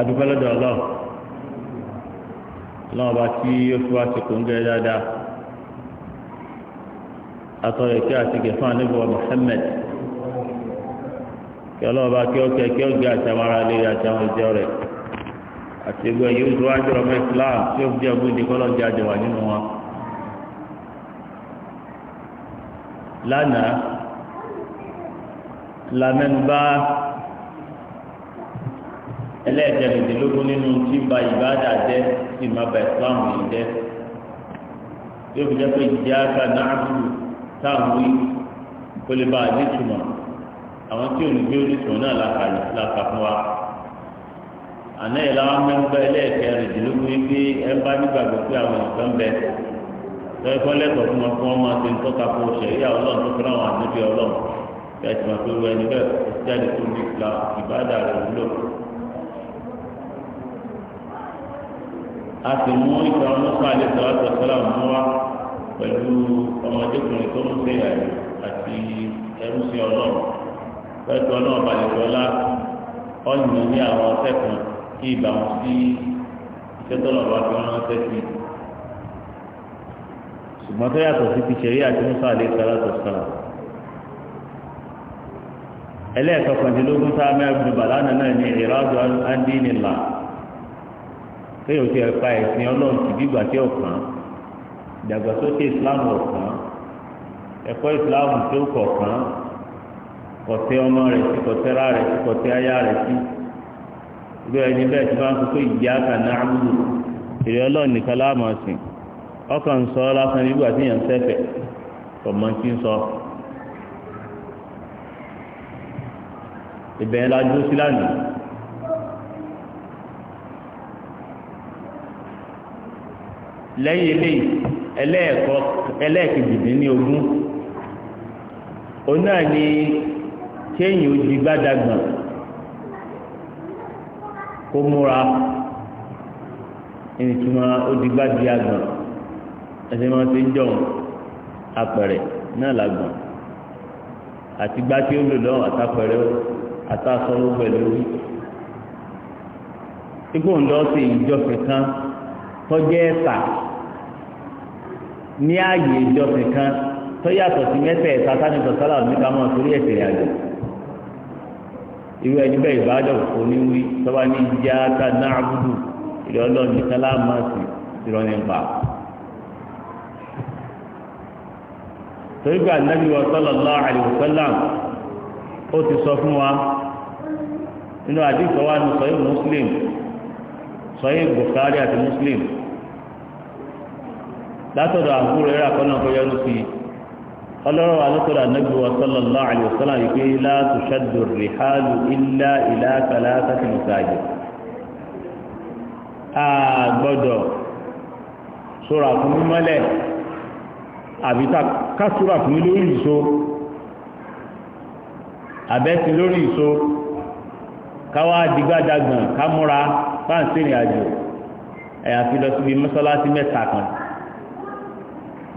adúpẹ́ lọ́dọ̀ ọlọ́run ọlọ́run bá tí ó fi wá sí kòńgẹ́ dáadáa atọ́rọ̀ ìkẹ́ àti gẹ̀fọ́n anábọ̀ Muhammad kí ọlọ́run bá kí ó kẹ́ kí ó gé àti àwọn ará ilé àti àwọn ìjọ rẹ̀ àti ìgbà yìí ó tó wájú ọmọ Islam tí ó fi ọgbọ́n ìdíkọ́ lọ́jọ́ àjẹwà nínú wọn. lánàá la bá ẹlẹ́ẹ̀kẹrìndínlógún nínú tí ń ba ìbáàdà jẹ́ sì máa ba islam yìí jẹ́ yóò fi jẹ́ pé iyyaka na'budu táwọn wí kó lè bá a ní ìtumọ̀ àwọn tí olùgbé oníṣòwò náà làkà fún wa àná yìí làwọn mẹ́ńbà ẹlẹ́ẹ̀kẹrìndínlógún yìí pé ẹ bá nígbàgbọ́ pé àwọn nǹkan bẹ lọ́yẹ́ kọ́ lẹ́kọ̀ọ́ fún wọn fún wọn máa ṣe ń tọ́ka fún ṣẹ̀ríà ọlọ́run tó fẹ́ràn àwọn àdúgbò ọlọ́run bí a ti máa fi wọ ẹni bẹ́ẹ̀ jáde tó ní ìgbà ìbáàdà rẹ̀ wúlò a sì mú ìtàn ọmọkùnrin àlẹ́ sọ̀rọ̀ àtọ̀sọ́lá mú wa pẹ̀lú ọmọdékùnrin tó ń ṣe àyè àti ẹrú sí ọlọ́run pẹ̀lú ọlọ́run balẹ̀wọlá ọ̀nà ní àwọn ọ̀sẹ̀ kan kí ìbámu sí iṣẹ́ tó lọ́wọ́ fi wọ́n ránṣẹ́ sí i ṣùgbọ́n tó yàtọ̀ sí ti ṣẹ̀rí àti musa àlẹ́ sọ̀rọ̀ àtọ̀sọ́lá ẹlẹ́ẹ̀kọ́kàndínlógún sáà mẹ́rin bàlánà kéèyàn ti ẹ̀ka ẹ̀sìn ọlọ́run kì bí gbàtí ọ̀kan ìdàgbàsókè ìsìláàmù ọ̀kan ẹ̀kọ́ ìsìláàmù tó kọ̀ọ̀kan kọ̀tẹ́ ọmọ rẹ̀ sí kọ̀tẹ́ ra rẹ̀ sí kọ̀tẹ́ aya rẹ̀ sí ìlú ẹni bẹ́ẹ̀ tí wọ́n á kókó ìdí àkà náà àmúlò èrè ọlọ́run nìkan láàmú ọ̀sìn ọkàn sọ lásán nígbà tí èèyàn sẹ́fẹ̀ ọmọ tí ń sọ ìbẹ̀yẹn la sí lánàá lẹ́yìn eléyìí ẹlẹ́ẹ̀kejìdínlógún òun náà ni kéèyàn ó di gbádàgbà kó múra ìtumọ̀ ó di gbádìí ẹsẹ̀ máa ti ń jọ̀hún apẹ̀rẹ̀ náà làgbọ̀n àti gbá tí ó lò lọ́wọ́ àtàpẹ̀rẹ̀ àtàsọ́wọ́ pẹ̀lú lọ ní ààyè ìjọsìn kan tó yàtọ̀ sí mẹ́sẹ̀ẹ̀ta sánìtọ̀ sálà níta mọ́ torí ẹ̀sẹ̀ àjò irú ẹni bẹ́ẹ̀ ìbádọ̀ oníwí tọ́ba ní ìjà ká náà gbúdù ìrọ̀lọ́ nìkan láàmásì ìrọ̀lẹ́ nípa. torí ànábì wa sallallahu alaihi ó ti sọ fún wa nínú Muslim àti Muslim. látọ̀dọ̀ àbúrò ẹ̀rọ àkọ́nà kọjá ní fi ọlọ́rọ̀ wa lọ́tọ̀dọ̀ ànábì wa sallallahu alaihi wasallam yìí pé la tushaddu rihalu illa ila thalathati masajid a gbọ́dọ̀ sọ̀rọ̀ fún mímọ́lẹ̀ àbí ká sọ̀rọ̀ fún lórí ìṣó àbẹ́sí lórí ìṣó káwá dìgbàdàgbọ̀n ká múra fáǹsì ìrìn ẹ̀yà fi lọ síbi mọ́sálásí mẹ́ta kan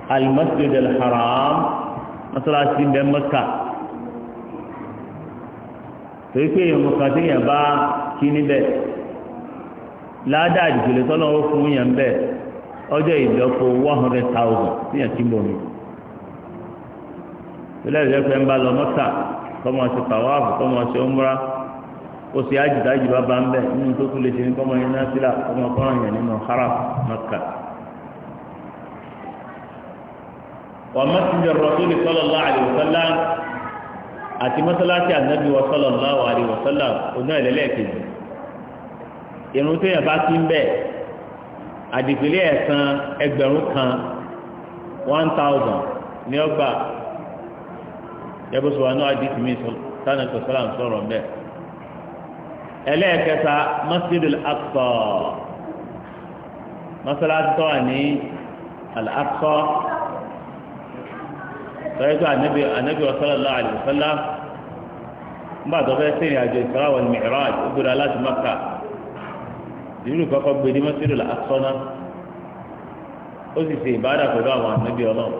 almasjid alharam masalasi ń bẹ mẹ́ka torí pé èèyàn kan tí èèyàn bá kí níbẹ̀ ládàá ìdìgbòlè tọ́lọ́ ó fún yẹn bẹ́ẹ̀ ọjọ́ ìdọ́kọ one hundred thousand tíyẹn ti ń bọ̀ mí tẹ́lẹ̀ ìjọ pé ń bá lọ mọ́tà kọ́mọ ṣe tàwáàfù kọ́mọ ṣe ọmúra ó sì ájìdájì bá bá ń bẹ̀ nínú tó tún lè ṣe ní kọ́mọ yẹn náà sílà kọ́mọ kọ́ràn yẹn nínú haram mọ́kà. wà mọ́sílẹ̀ rọ̀tún sallallahu alaihi wasallam àti mọ́sálásí ànábì wa sallallahu alaihi wasallam oná ẹ̀lẹ́lẹ́kejì irun tó yẹ bá ti ń bẹ̀ àdìpẹ̀lẹ̀ ẹ̀sán ẹgbẹ̀rún kan one thousand ní ọgbà ẹgbẹ́sọ̀wá náà àdìsí mi sọ́nà sọ́sọ́lá sọ̀rọ̀ bẹ́ẹ̀ ẹlẹ́ẹ̀kẹta masjidul aqsa masalasi tó wà ní al-aqsa sọ́yẹ́ pé ànábì ànábì sallallahu alaihi wasallam nígbà tó fẹ́ sẹ́yìn àjò Isra wal Mi'raj ó gbéra láti Mákà ìlú kọ́kọ́ gbé ní mọ́tò ìrìlá asọ́nà ó sì ṣe ìbáàdà pẹ̀lú àwọn ànábì ọlọ́run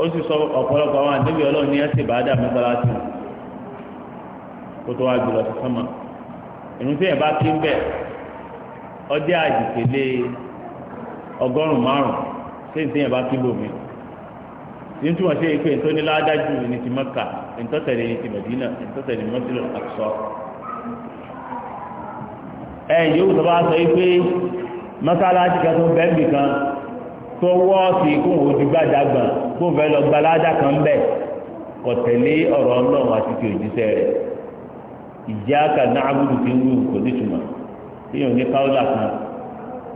ó sì sọ ọ̀pọ̀lọpọ̀ àwọn ànábì ọlọ́run ní ẹ̀sìn ìbáàdà mọ́sálásì kó tó wá jùlọ sí sánmà ìrúnṣẹ́ ẹ̀ bá kí ń bẹ̀ ọdẹ ṣé n tẹ́yìn bá kí lómi ní tí wọ́n ṣe é pé n tó ní ládájú ní ti Mẹ́kà n tó tẹ̀lé ní ti Mẹ̀dínà n tó tẹ̀lé mọ́tìlì àkùsọ. ẹ yóò sọ bá sọ pé mọ́sálásí kan tó bẹ́ẹ̀ bì kan tó wọ́ọ̀sì kóhùn ojú gbàdàgbọ̀n kóhùn fẹ́ lọ gbaládà kan bẹ́ẹ̀ kọtẹlẹ ọ̀rọ̀ Ọlọ́run àti ti òjíṣẹ́ rẹ̀ ìjà kan náà abudu ti ń wù kò nítumọ̀ èèyàn ní káwọlà kan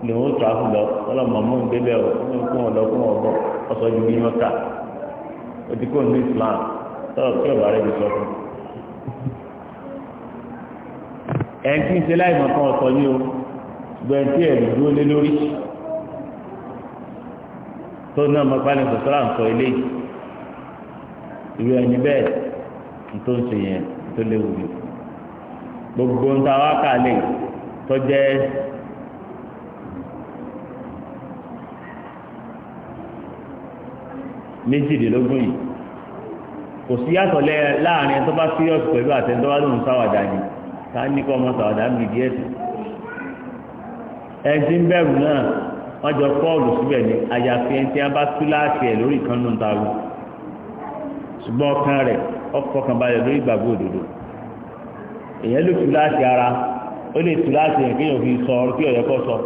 lòun ó tó àfùlọ ọlọmọ mọ nígbẹbẹ o fún fún ọgbọ ọsọ ju bí wọn kà ti kó ní Islam sọ̀rọ̀ tí ọba rẹ ti sọ fún ẹ ń ṣe láì mọ ọsọ yìí o gbẹǹtì ẹ dúró lé lórí tó náà mọ pálí ń sọ ìwé méjìdínlógún yìí kò sí yàtọ̀ lẹ́ láàrin ẹni tó bá serious pẹ̀lú àtẹ̀ńtọ́ wá lóun sáwàdà ni ká ní kọ́ ọmọ sáwàdà ń bì díẹ̀ sí ẹni tí ń bẹ̀rù náà wọ́n jọ pọ́ọ̀lù síbẹ̀ ni àyàfi ẹni tí wọ́n bá tú láàfin ẹ̀ lórí ìkan nù ta wù ṣùgbọ́n ọkàn rẹ̀ ọkọ̀ kan balẹ̀ lórí ìgbàgbọ́ òdodo èyàn ló tú láti ara ó lè tú láti ẹ̀ kéèyàn fi sọ ọ̀rọ̀ kí ọ̀yẹ́kọ́ sọ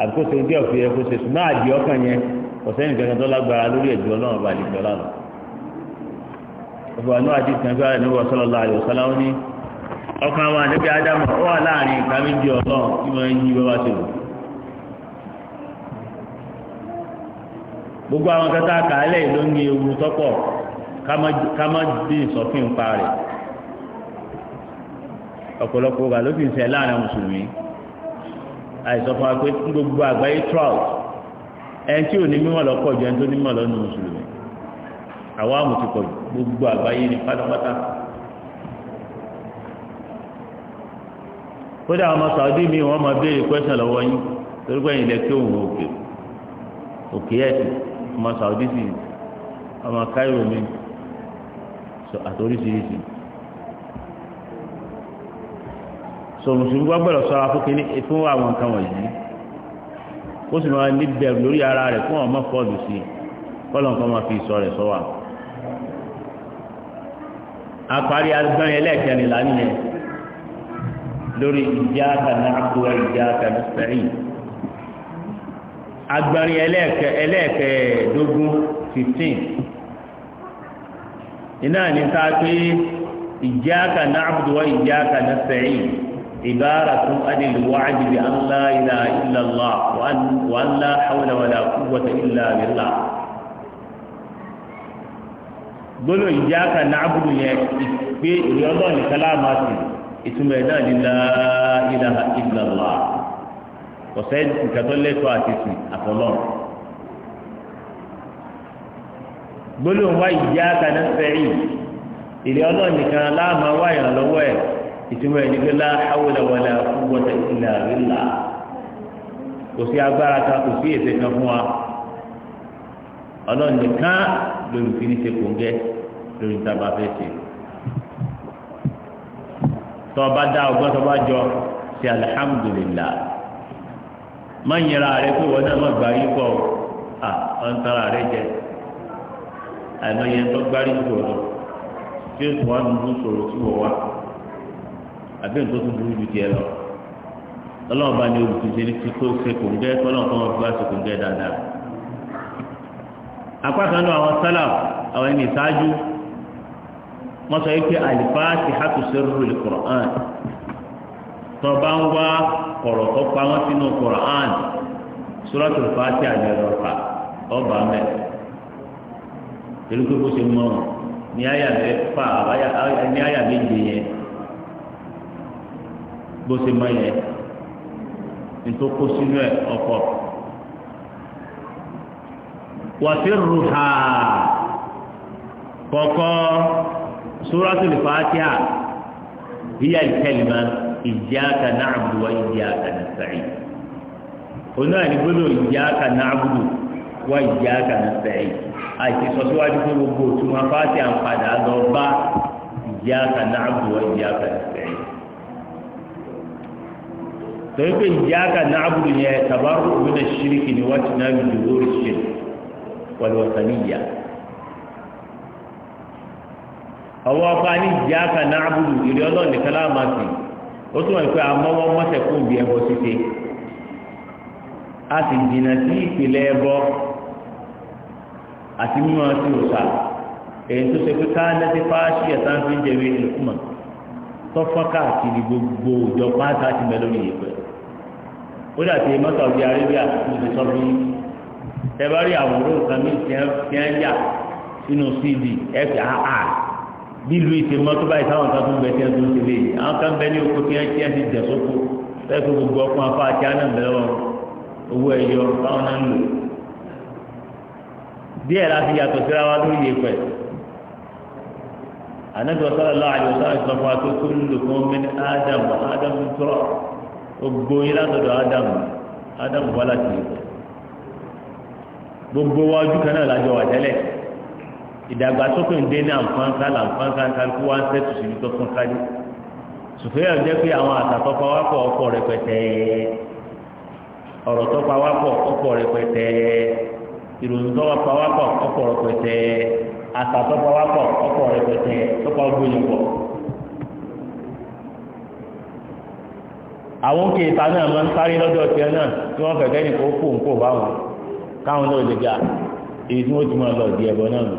àbíkó ẹ̀ ọ̀sẹ́yìn kankan tó lágbára lórí ẹ̀dùn ọlọ́run ọba àdìgbò lánàá ọba náà àti ìtànfẹ́ àdìgbò sọlọ́lá àdìgbò sọlá ó ní ọkàn àwọn àdìgbò ádámù ó wà láàrin ìka méjì ọlọ́run tí wọ́n ń yí bábá tó wù. gbogbo àwọn kẹta àkàálẹ̀ ló ní ewu tọ́pọ̀ ká má dín ìsọfín pa rẹ̀ ọ̀pọ̀lọpọ̀ ala ló fi ń ṣe láàrin mùsùlùmí àìsọfún ẹni tí ò ní mímọ̀ lọ́pọ̀ ju ẹni tó ní mùsùlùmí gbogbo àgbáyé ní pátápátá kódà ọmọ Saudi mi wọ́n máa béèrè kwẹ́sàn lọ́wọ́ yín torí pé lẹ́kẹ́ òun òkè òkè ọmọ ọmọ mi so fún àwọn nǹkan wọ̀nyí. ó sì máa ní bẹ̀rù lórí ara rẹ̀ fún ọmọ fọ́ọ̀dù sí kọ́lọ́nkọ́ máa fi ìsọ rẹ̀ sọ wa. àparí agbẹ́rin ẹlẹ́ẹ̀kẹrin là nìyẹn lórí iyyaka na'budu wa iyyaka nasta'in agbẹ́rin ẹlẹ́ẹ̀kẹ ẹlẹ́ẹ̀kẹẹ̀dógún fifteen iná ní ta pé iyyaka na'budu wa iyyaka nasta'in. عبارة عن الوعد بأن لا إله إلا الله وأن, وأن لا حول ولا قوة إلا بالله gbọ́dọ̀ iyyaka na'budu yẹn ìpè ìrìn ọlọ́ọ̀nì kálámà sí ìtumọ̀ ẹ̀ náà ní la ilaha illa Allah ọ̀sẹ̀ ìkàtọ́ lẹ́tọ́ àti sí àfọlọ́n. gbọ́dọ̀ wá iyyaka nasta'in ìrìn ọlọ́ọ̀nì kan láàmà wáyà lọ́wọ́ ẹ̀ ìtumọ̀ ẹni pé la hawla wala quwwata illa billah kò sí agbára kan kò sí ètè kan fún wa ọlọ́run nìkan lórí fi ní ṣe kòńgẹ́ lórí tábà fẹ́ ṣe tọba dá ọgbọ́n tọba jọ ṣe alihamudulila má nyẹra rẹ pé wọn náà má gbà yí kọ à wọn tara rẹ jẹ àìmọye tó gbárí jù ọ tí ó tún wà nínú tí wọ́n wá àbí nǹkan tó burú ju tiẹ̀ lọ ọlọ́run bá ní olùtúnṣe ní ti kó ṣe kò ń gẹ́ kọ́lọ́run kọ́ wọn fi wá ṣe kò ń gẹ́ dáadáa. apá kan náà àwọn sálà àwọn ẹni ìṣáájú wọ́n sọ wípé al-Fātiḥatu sirrul Qur'ān tó bá ń wá ọ̀rọ̀ tó pa wọ́n sínú Qur'ān Sūratul Fātiḥah àgbẹ̀rẹ̀ ọ̀pá ọba mẹ́ pẹ̀lú pé bó ṣe mọ́ ní àyà mẹ́fà ní àyà méje yẹn bó ṣe mọ yẹn nítorí kó sínú ẹ ọkọ wàtí ruha kọkọ suratul fatiha hiya al-kalima iyyaka na'budu wa iyyaka nasta'in onu àyè gbọ́dọ̀ iyyaka na'budu wa iyyaka nasta'in àti sọsíwájú pé gbogbo òtún afáàtì àǹpadà lọ bá iyyaka na'budu wa iyyaka nasta'in torí pé iyyaka na'budu yẹn tabarru min ash-shirki ni wọ́n ti náà mi lò lórí ṣe wal-wataniyya ọwọ́ ọba ní iyyaka na'budu ìrẹ́ ọlọ́run nìkan láàmà sí ó túmọ̀ pé àmọ́wọ́ mọ́sẹ̀ kó bí ẹbọ síte a sì jìnnà sí ìpìlẹ̀ ẹbọ àti mímọ́ sí òòṣà èyí tó ṣe pé káàdé ti fáṣí ẹ̀ta ń fi ń jẹ̀wé ìlú kùmọ̀ tọ́fọ́ káàkiri gbogbo ìjọ pátá ti mẹ́lórí pẹ̀lú ó dàbí mọ́tò ọ̀dí arábíà níbi sọ fún yín ẹ bá rí àwòrán nǹkan mí tí ẹ yà sínú cd ẹ fi àhà bí lu ìṣe mọ́tò báyìí táwọn kan tún bẹ tí ẹ tún àwọn kan bẹ ní oko tí ẹ ti jẹ sóko ẹ fi gbogbo ọkùnrin afọ àti ànàbẹ̀rẹ̀ owó ẹyọ táwọn náà ń lò díẹ̀ láti yàtọ̀ síra wa lórí ìyẹ̀pẹ̀ ànágbèsọ́lá àyọ̀sá ìsọfún akókó ńlò fún mi ní ádámù ádámù tọ́lọ̀. gbogbo yín látọ̀dọ̀ adam ádámù láti gbogbo wa ojú kan náà lájọ wà tẹ́lẹ̀ ìdàgbàsókè ń dé ní àǹfààǹkà làǹfààǹkà kí wọ́n á sẹ́tù síbi tó fún kájú sùfẹ́yà jẹ́ pé àwọn àtàtọ́ pawápọ̀ ọkọ̀ rẹpẹtẹ ọ̀rọ̀ tó pawápọ̀ ọkọ̀ rẹpẹtẹ ìròyìn tó pawápọ̀ ọkọ̀ rẹpẹtẹ àtàtọ́ ọkọ̀ àwọn òkè ìta náà máa ń sáré lọ́dọ̀ tiẹ̀ náà tí wọ́n fẹ̀ kẹ́yìn kó kó nǹkó bá wọn káwọn náà lè ga èyí tí wọ́n ti máa lọ di ẹ̀bọ náà nù.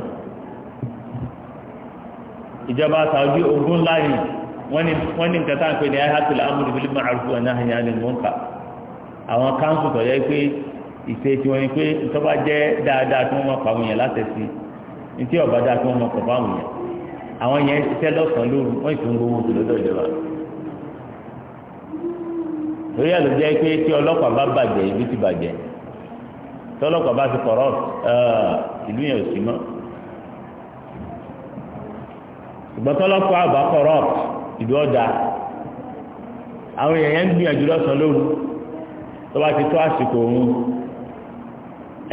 ìjọba Saudi ogun ńlá ni wọ́n ní nǹkan tá à ń pè ní ayatul amúlù bíi ma'ruf wa nahyi 'anil munkar àwọn káńsù tọ̀yẹ́ pé ìṣe tí wọ́n ní pé ìtọ́ba jẹ́ dáadáa tí wọ́n máa pa àwọn yẹn látẹ̀sí ní tí ọ̀bá dáa tí wọ́n máa torí ẹ̀ ló jẹ́ pé tí ọlọ́pàá bá bàjẹ́ ibi ti bàjẹ́ tí ọlọ́pàá bá ti kọ̀rọ̀ eh, ìlú yẹn ò sí mọ́ ṣùgbọ́n tí ọlọ́pàá bá kọ̀rọ̀ ìlú ọ̀dà àwọn èèyàn ń gbìyànjú lọ́sàn-án lóru tó bá ti tó àsìkò òun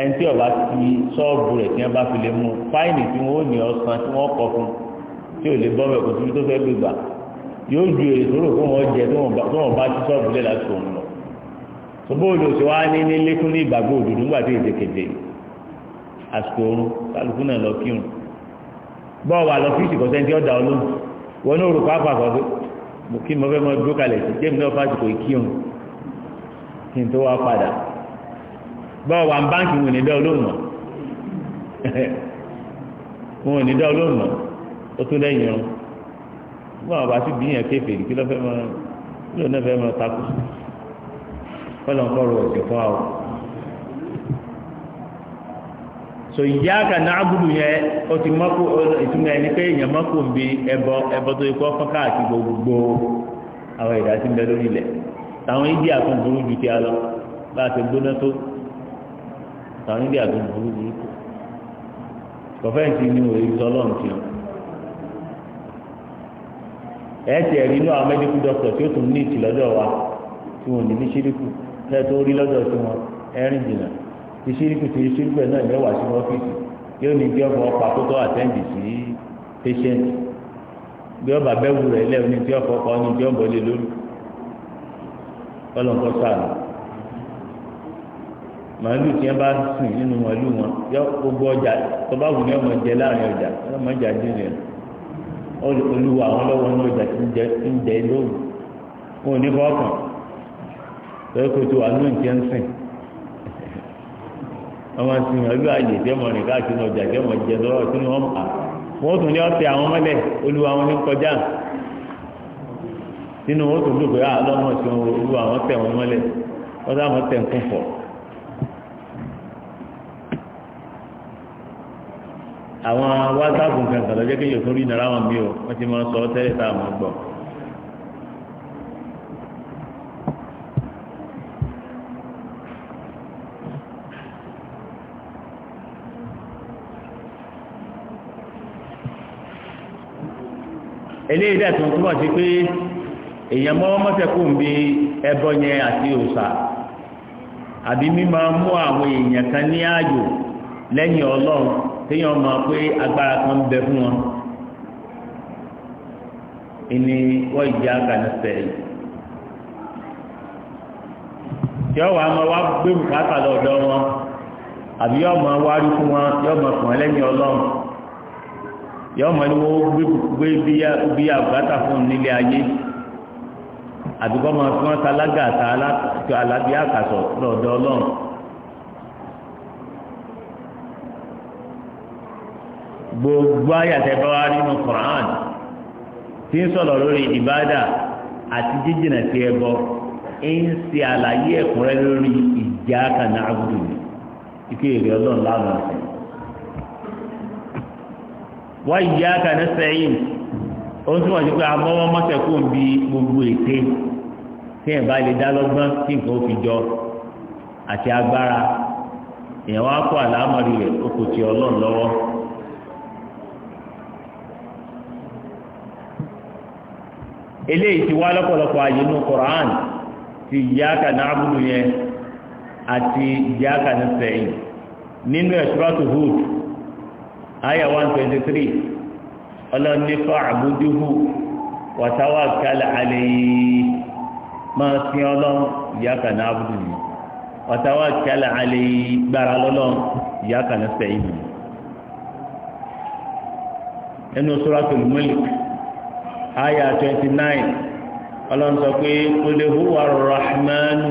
ẹni tí ọba ti sọ́ọ̀bù rẹ̀ tí wọ́n bá fi lè mú fáìnì tí wọ́n ó ní ọ̀sán tí wọ́n kọ fún tí ò lè bọ́ mẹ́kọ̀ọ́ tó fẹ́ gbégbà yóò ju èrè fún wọn jẹ tó wọn bá ti sọ́ọ̀bù lẹ̀ láti òun lọ ṣùgbọ́n olùsọ wa ní ní lékún ní ìgbàgbọ́ òdodo nígbà tí èdè kéde àsìkò oorun kálukú náà lọ kírun bọ́ọ̀ wà lọ fíìsì kọ́sẹ́ ní ọ̀dà wọn ní orúkọ àpapọ̀ pé mo kí mo fẹ́ mọ kalẹ̀ sí jẹ́mi náà fásitì kò kírun kí bí wọn bá sì bí yẹn kéfè kí ló fẹ́ mọ kí ló fẹ́ mọ takò kọ́lọ̀ kọ́rọ̀ ọ̀sẹ̀ fún wa o. so ìyá kan náà abudu yẹn o ti mọ́kò ìtumọ̀ ẹni pé èèyàn mọ́kò ń bi ẹbọ ẹbọ tó yẹ kó fọ́n káàkiri gbogbo àwọn ìdásí ń bẹ lórí ilẹ̀ táwọn ìdí àtún burú ju ti a lọ bá a ti gbóná tó táwọn ìdí àtún burú burú kọfẹ́ǹtì ni òye sọlọ́ọ̀n ti hàn. ẹ n ẹ̀rí inú àwọn medical doctor tí ó tún ní ìtì wa tí wọ́n ní ní ṣíríkù tẹ́ tó rí lọ́dọ̀ tí wọ́n ẹ̀rìn jìnnà ti ṣíríkù ti ṣíríkù ẹ̀ náà sí ọ́fíìsì yóò ní ọ̀pá tó tọ́ àtẹ́ǹdì sí patient bí bẹ́wù rẹ̀ ní ní ọ̀bọ̀ lórí ọlọ́nkọ́ sáà màálù tí wọn bá olùwà àwọn lọ́wọ́ ní ọjà tí ń jẹ lóòrùn wọn ò ní fọ́ọ̀kàn lọ́wọ́ kò tó wà ní ìjẹ́ ń sìn ọmọ sí wọn lù àyè jẹ́mọ̀ rìn káàkiri ọjà jẹ́mọ̀ jẹ lọ́wọ́ tún ní àwọn olùwà wọn ní kọjá wọn tún àlọ́ olùwà wọn àwọn wásaapù nǹkan kan lọ́jọ́ kéèyàn tó rí nara wọn mi o wọ́n ti máa sọ ọ́ tẹ́lẹ̀ tá a gbọ́. eléyìí dẹ̀ tó sí pé èèyàn mọ́ mọ́tẹ́kù bí ẹbọ yẹn àti òòṣà àbí téèyàn mọ̀ pé agbára kan bẹ fún wọn ìní wọ́n ìdí àgànà sẹ́yìn tí ọ wà máa wá gbé bùkátà lọ́dọ̀ wọn àbí yọ máa wárí fún wọn yọ máa fún ẹlẹ́yìn ọlọ́run yọ máa ní wọ́n gbé bí àbùkátà fún nílé ayé àbí kọ́ máa fi wọ́n ta alága àtà alábíàkàsọ̀ lọ́dọ̀ ọlọ́run. gbogbo àyàtẹ̀ bá wá nínú Quran tí ń sọ̀rọ̀ lórí ìbádà àti jíjìnà sí ẹbọ ń ṣe àlàyé ẹ̀kúnrẹ́ lórí ìjà kàná ike ìkéèrè ọlọ́run láwọn ọ̀sẹ̀. wá ìjà kàná sẹ́yìn ó tún wọ́n ti pé abọ́wọ́ gbogbo ète tí ẹ̀ bá lè dá lọ́gbọ́n fi jọ àti agbára èèyàn wá kó àlámọ̀rí rẹ̀ ó kò ti eléyìí ti wá lọ́pọ̀lọpọ̀ àyè nínú Qur'an ti iyyaka na'budu yẹn àti iyyaka nasta'in nínú suratu Hud aya one twenty three ọlọ́ni fa'buduhu wa tawakkal alayhi máa sin ọlọ́run iyyaka na'budu yẹn wa tawakkal alayhi gbára lọ́lọ́run iyyaka nasta'in ẹnu suratul Mulk aya twenty nine ọlọ́run sọ pé qul huwa rahmanu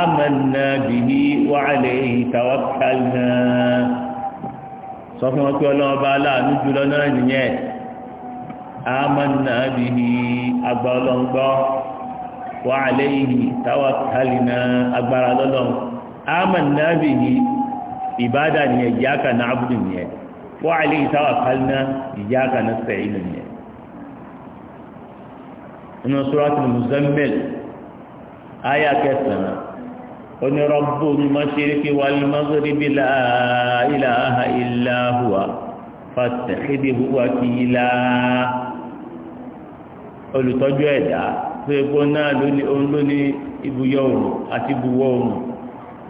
amanna bihi wa alayhi tawakkalna sọ fún wọn pé ọlọ́run ọba aláàánú jùlọ náà nìyẹn amanna bihi agbá ọlọ́run gbọ́ wa alayhi tawakkalna agbára lọ́lọ́run amanna bihi ìbádà nìyẹn ìyáka náà abúlé nìyẹn wa alayhi tawakkalna ìyáka náà sẹ́yìn nìyẹn inú suratul muzammil ayà kẹsàn-án onírọ́bù mashiriki wal maghribi la ilaha illa huwa fàtẹ̀kídìí huwa kìíla olùtọ́jú ẹ̀dá tó epo náà lóní òun lóní ibùyọ òun àti ibùwọ òun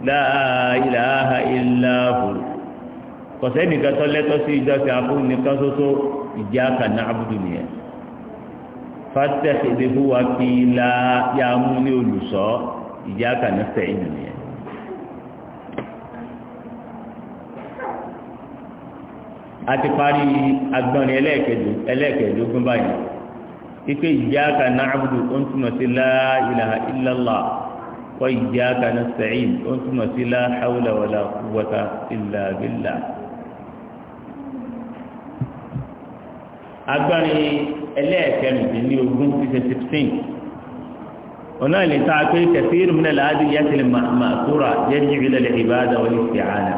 la ilaha illa kọ̀sẹ́ nìkan tó sí ìjọsìn àbúrò nìkan ṣoṣo ìjà kan àbúrò nìyẹn fàtẹ́kẹ̀dẹ́ fún wa kí la yá mú ní olùsọ ìjà kàní sẹ́yìn nìyẹn. a ti parí agbọ́nrin ẹlẹ́ẹ̀kẹ́dógún báyìí ike iyyaka na'budu ó ń túmọ̀ sí la ilaha illallah wa iyyaka nasta'in ó ń túmọ̀ sí la hawla wala quwwata illa billah. agbárí ẹlẹ́ẹ̀kẹrìndín ní ogún fífi sixteen ọ̀nà ìlẹ̀ta pé kẹfìrì múlẹ̀ láàdì yẹ́tìlẹ̀ màkúrà yẹ́jì ìlẹ̀lẹ̀ ìbáàdà wọlé fi àná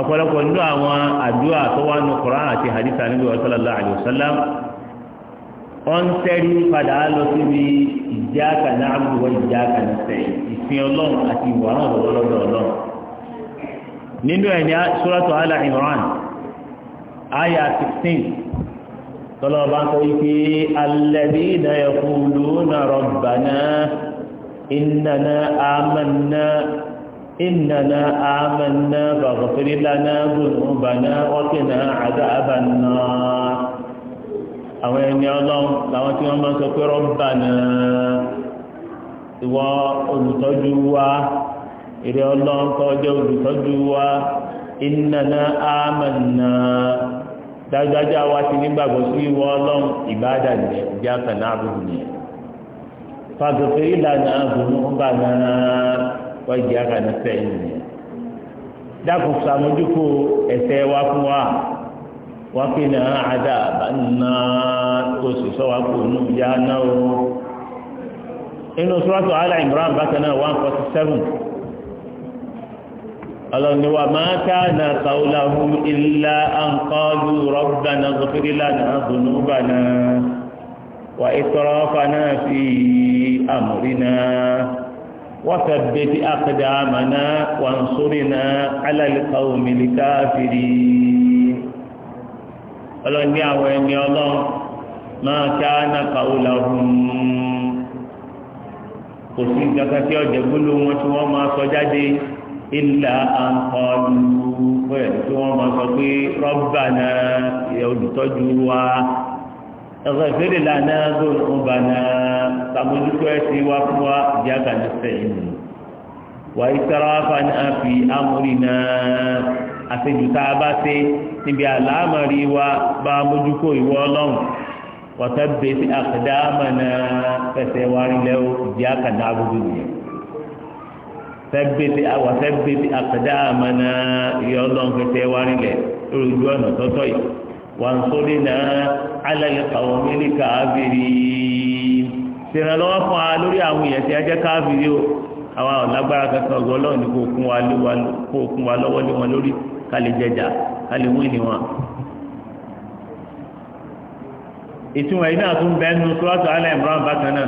ọ̀pọ̀lọpọ̀ nínú àwọn àdúrà tó wà nù Kùránì àti hadith Ànábì sallallahu alaihi wasallam wọ́n tẹ́rí padà lọ síbi iyyaka na'budu wa iyyaka nasta'in ìsìn ọlọ́run àti ìwàrán ọ̀dọ́lọ́dọ̀ ọlọ́run nínú ẹ̀ ní Suratu Al Imran aya 16 tọ́lọ́ba ń sọ wípé alladhina yaquluna rabbana innana amanna innana amanna faghfir lana dhunubana wa qina adhaban nar àwọn ẹni ọlọ́run làwọn tí wọ́n máa ń sọ pé rabbana ìwọ olùtọ́jú wa ìrẹ́ ọlọ́run kọjá olùtọ́jú wa innana amanna dájúdájú àwa ti nígbàgbọ́ sí ìwọ ọlọ́run ìbáàdà nìyẹn ìjà kàná àbúrò nìyẹn fàgùfẹ́ ìlànà àbùnú ọba náà wọ́n jẹ́ àkànnà sẹ́yìn nìyẹn dákun sàmójúkú ẹ̀ṣẹ̀ wa fún wa wọ́n fi ní àdá àbáná tó sì sọ kò nù yá náà o inú sọ́wọ́sọ Al Imran náà one forty seven ọlọ́ni wa máa kana qawluhum illa an qalu rabbana ighfir lana dhunubana wa israfana fi amrina wa thabbit aqdamana wansurna ala alqawmil kafirin ọlọ́ni àwọn ẹni ọlọ́run máa kana qawluhum kò sí ìgbàkan ọ̀jẹ̀ gbólóhùn tí wọ́n máa sọ jáde ilà àǹkọ́lù bẹ́ẹ̀ tí wọ́n máa sọ pé rọ́bà náà yẹ olùtọ́jú wa ẹ̀fọ́ ìfẹ́lẹ̀ lànà gbòǹgbà náà sàmójútó ẹ̀sìn wa fún wa ìyá kàní sẹ́yìn wà ìsarafa náà fi amúrí náà àtẹ̀jùtà bá ṣe níbi àlámọ̀rí wa bá mójúkó ìwọ ọlọ́run wọ́tẹ́ bẹ́ẹ̀ sí àkàdámọ̀ náà fẹsẹ̀ wárí lẹ́wọ̀ ìyá kàní agbójú nìyẹn sẹ́gbẹ́lẹ́ àwọn sẹ́gbẹ́lẹ́ àkàdá àmàna ìyá ọlọ́run fẹsẹ̀ wá lójú ọ̀nà tọ́tọ́ yìí wọ́n sórí náà alẹ́ àwọn mílí káfíìrì ṣèrànlọ́wọ́ fún wa lórí àwọn èèyàn tí a jẹ́ o àwọn ọ̀lágbára kankan ọ̀gọ́ ọlọ́run ni kò kún wa lọ́wọ́ lé wọn lórí ká jẹjà ká lè wọn. ìtumọ̀ yìí náà tún bẹ́ẹ̀ nu sọ́ọ́tù alẹ́ ìmọ̀ràn bákan náà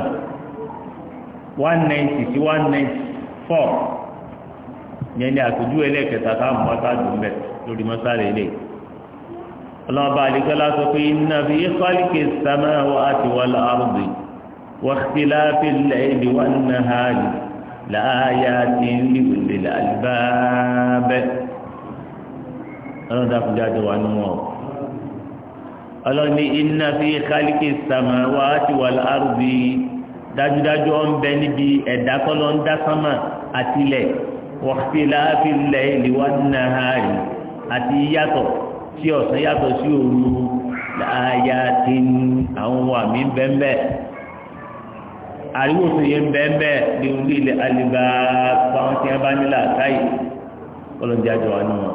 one ninety sí one ninety four yẹn ni àtúndú ẹlẹ́ẹ̀kẹta táwọn mọ́tà dùn bẹ̀ lórí mọ́sálẹ̀ ilé ọlọ́ọ̀bá àdìgbọ́lá sọ pé iná fi ìkọ́lìkì sàmà wà àti wọlé àrùbí wọ́kìtìlá fi lẹ́ẹ̀dì wà nà ha lì láàyà tí ń lì wùlé àlùbáàbẹ̀ ọlọ́dà fúnjá ti wà nínú ọ̀ ọlọ́ni iná fi ìkọ́lìkì sàmà wà àti wọlé àrùbí dájúdájú ọ̀ ń bẹ níbi ẹ̀dá kọ́lọ́ ń dá sánmà àti ilẹ̀ wọ́pẹ́lá fi lẹ̀ ìlíwá nàárì àti yàtọ̀ sí ọ̀sán yàtọ̀ sí òru láàyà tí àwọn àmì ń bẹ ń bẹ àríwò tó yẹ ń bẹ ń bẹ ní orí ilẹ̀ alìbá fáwọn tí wọ́n bá nílà káyì ọlọ́díájọ́ wa nù wọn.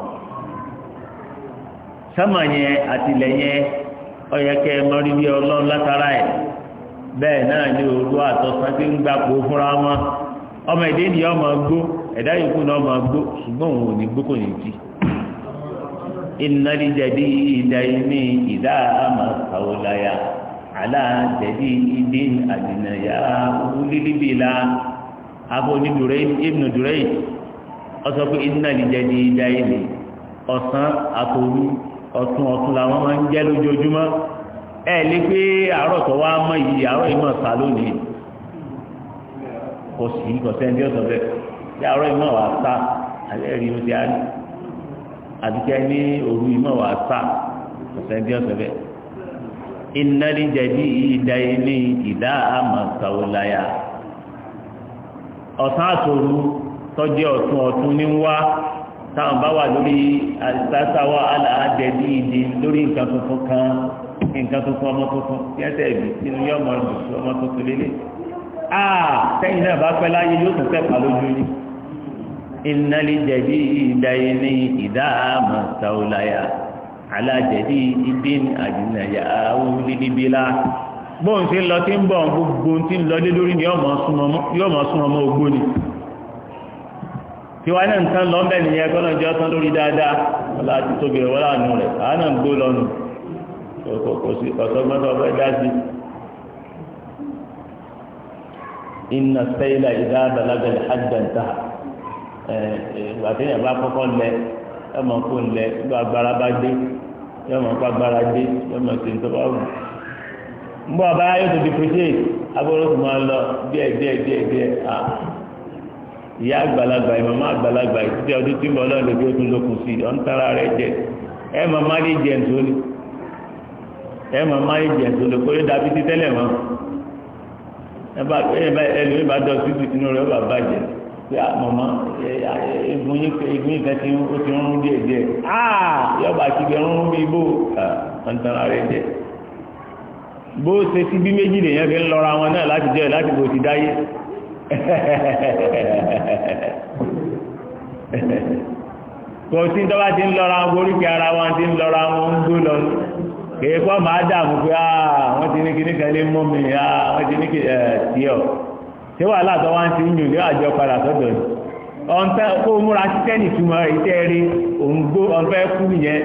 sámà yẹn àtìlẹ̀ yẹn ọ̀yẹ́kẹ́ mọ́rí bí ọlọ́run látara ẹ̀ bẹ́ẹ̀ náà ní òru àtọ̀sán tí ń gbapò fúnra wọn ọmọ èdè ni ọmọ gbó ẹ̀dá yòókù náà ọmọ gbó ṣùgbọ́n òun ò ní gbó kò ní jí innal jadida ini idha masawlaya ala jadidin adinaya ulilibila abo ni ibnu duray ọsọ pé innal jadida ini ọ̀sán àtòru ọ̀tún ọ̀tún làwọn máa ń jẹ́ lójoojúmọ́ ẹ lè pé àárọ̀ tó wá mọ́ yìí àárọ̀ yìí sá lónìí kò sí kò sẹ́ni ọ̀sán bẹ́ẹ̀ bí àárọ̀ yìí mọ̀ sá alẹ́ rí o á ní àbíkẹ́ ní òru yìí mọ̀ sá kò sẹ́ni ọ̀sán bẹ́ẹ̀ jẹ̀bi ìdá ilé ìdá kan. nǹkan tuntun ọmọ tuntun tí ẹ tẹ̀ bí nínú yọ ọmọ tuntun ọmọ tuntun lélẹ̀ aa ah, sẹ́yìn náà bá pẹ́ láyé yóò tún fẹ́ pa lójú yín ìnáli jẹ̀bi ìdáyé ní ìdáàmú sàwùláyà alájẹ̀bi ìdí àdínàyà awúlídìbílà bóun ti lọ tí ń bọ̀ gbogbo tí ń lọ lé lórí ni yóò mọ̀ sún ọmọ ogbó ni tiwa náà ń tán lọ́ńbẹ́ nìyẹn kọ́nà jẹ́ ọ́ tán lórí dáadáa wọ́n láti tóbi rẹ̀ wọ́n láàánú rẹ̀ àánà kò sí ọ̀sọ́gbọ́ntọ́ ọ̀fẹ́ inna sẹ́yìnlá ìdá balagàlì àjàǹtà bá kọ́kọ́ lẹ ẹ kó lẹ gbọ́ agbára bá dé yọ kó agbára dé yọ sí di agbóró tó máa lọ díẹ̀ díẹ̀ díẹ̀ díẹ̀ à ìyá àgbàlagbà àgbàlagbà ọdún tí mo ó tún lókun sí ọ̀ ń tara rẹ̀ jẹ lè ẹ mọ̀ máa ń jẹ̀ tó lè kó yóò dàbí ti tẹ́lẹ̀ mọ́ ẹlòmíì bá dọ̀ sí inú rẹ̀ ó bà bàjẹ́ pé ah, mọ̀mọ́ egun yìí kan ti ó ti rún díẹ̀ díẹ̀ áà ah, yọba ti gbẹ rún bí bó ah, ọ̀ntàrà rẹ̀ jẹ́ bó ṣe sí bí méjì lèyàn fi ń lọ́ra wọn náà láti jẹ́ láti bò ti dáyé kò sí tọ́wá ti ń lọ́ra wọn borí kí ara wọn ti ń lọ́ra wọn ń gbó lọ́nà kèékọ́ máa dààmú pé àà ah, ah, wọ́n ti ní kí ní kẹlé mú mi àà wọ́n ti ní kí ẹ̀ tí ọ̀ tí wà látọ̀ wá ń ti yùn lé àjọ padà sọ́dọ̀ ọ̀ntẹ́ kó múra títẹ́ nìtumọ̀ ìtẹ́ rí òǹgbó ọ̀nfẹ́ kú yẹn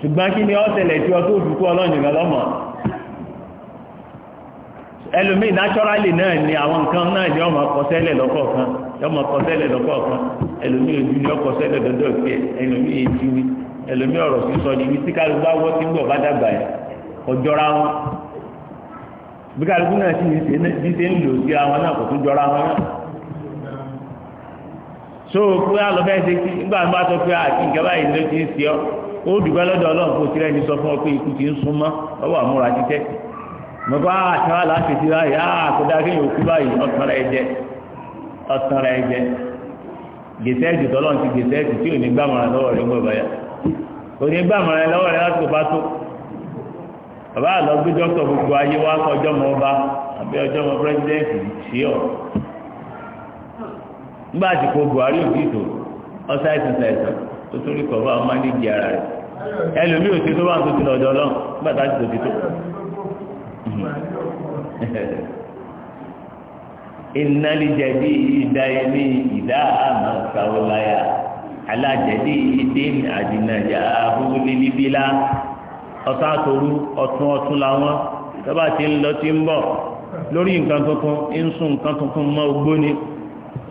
ṣùgbọ́n kí ni ó ṣẹlẹ̀ tí ọ tó fi kú ọlọ́yìn lọ́mọ ẹlòmíì naturally náà ni àwọn nǹkan náà ni ọmọ kọsẹ́lẹ̀ lọ́kọ̀ọ̀kan ọmọ kọsẹ́lẹ̀ lọ́kọ̀ọ̀kan ẹlòmíì ojú ni ọkọsẹ́lẹ̀ dọ́dọ̀ tiẹ̀ ẹlòmíì ojú ni ẹlòmí ọ̀rọ̀ sísọ ni ibi tí kálukú bá wọ́ sí ń bọ̀ bá dàgbà ẹ̀ ọjọ́ra wọn bí kálukú náà sì ní ṣe ń lò sí àwọn náà kò tún jọra wọn náà so pé alọ́fẹ́ ṣe kí nígbà bá sọ pé àti ìjọba yìí ló ti ń ṣe ọ́ ó dùgbẹ́ lọ́dọ̀ ọlọ́run kò tirẹ̀ ní sọ fún ọ pé ikú ti ń sún mọ́ ọwọ́ àmúra títẹ́ mo bá àti wọn láti ti báyìí áà kó dá kéèyàn òkú báyìí ọ̀tàn rẹ̀ jẹ ọ̀tàn rẹ̀ jẹ gèsè ẹ̀jù tọ́lọ́run ti gèsè ẹ̀jù tí ò ní gbàmọ̀ràn lọ́wọ́ rẹ̀ ń bọ̀ báyà òní gbàmọ̀rẹ́ lọ́wọ́ rẹ̀ láti bá tó bàbá àlọ́ gbé dọ́kítọ̀ gbogbo ayé wá ọba àbí ọjọ́ mọ pírẹ́sidẹ́ǹtì sí Buhari ò dìtò ọ̀sá ẹ̀sìn sẹ̀sán tó torí dị ọmọ ní ìdí ara rẹ̀ ẹlòmí ò ti tó bá ń tó ti lọ́dọ̀ nígbà tá ti alájẹ̀dí ìdín àdìnàjà ahúlélí bílá ọ̀tá àtòrú ọ̀tún ọ̀tún làwọn tọ́ba ti ń lọ ti ń bọ̀ lórí nǹkan tuntun ń sún nǹkan tuntun mọ́ ogbó ni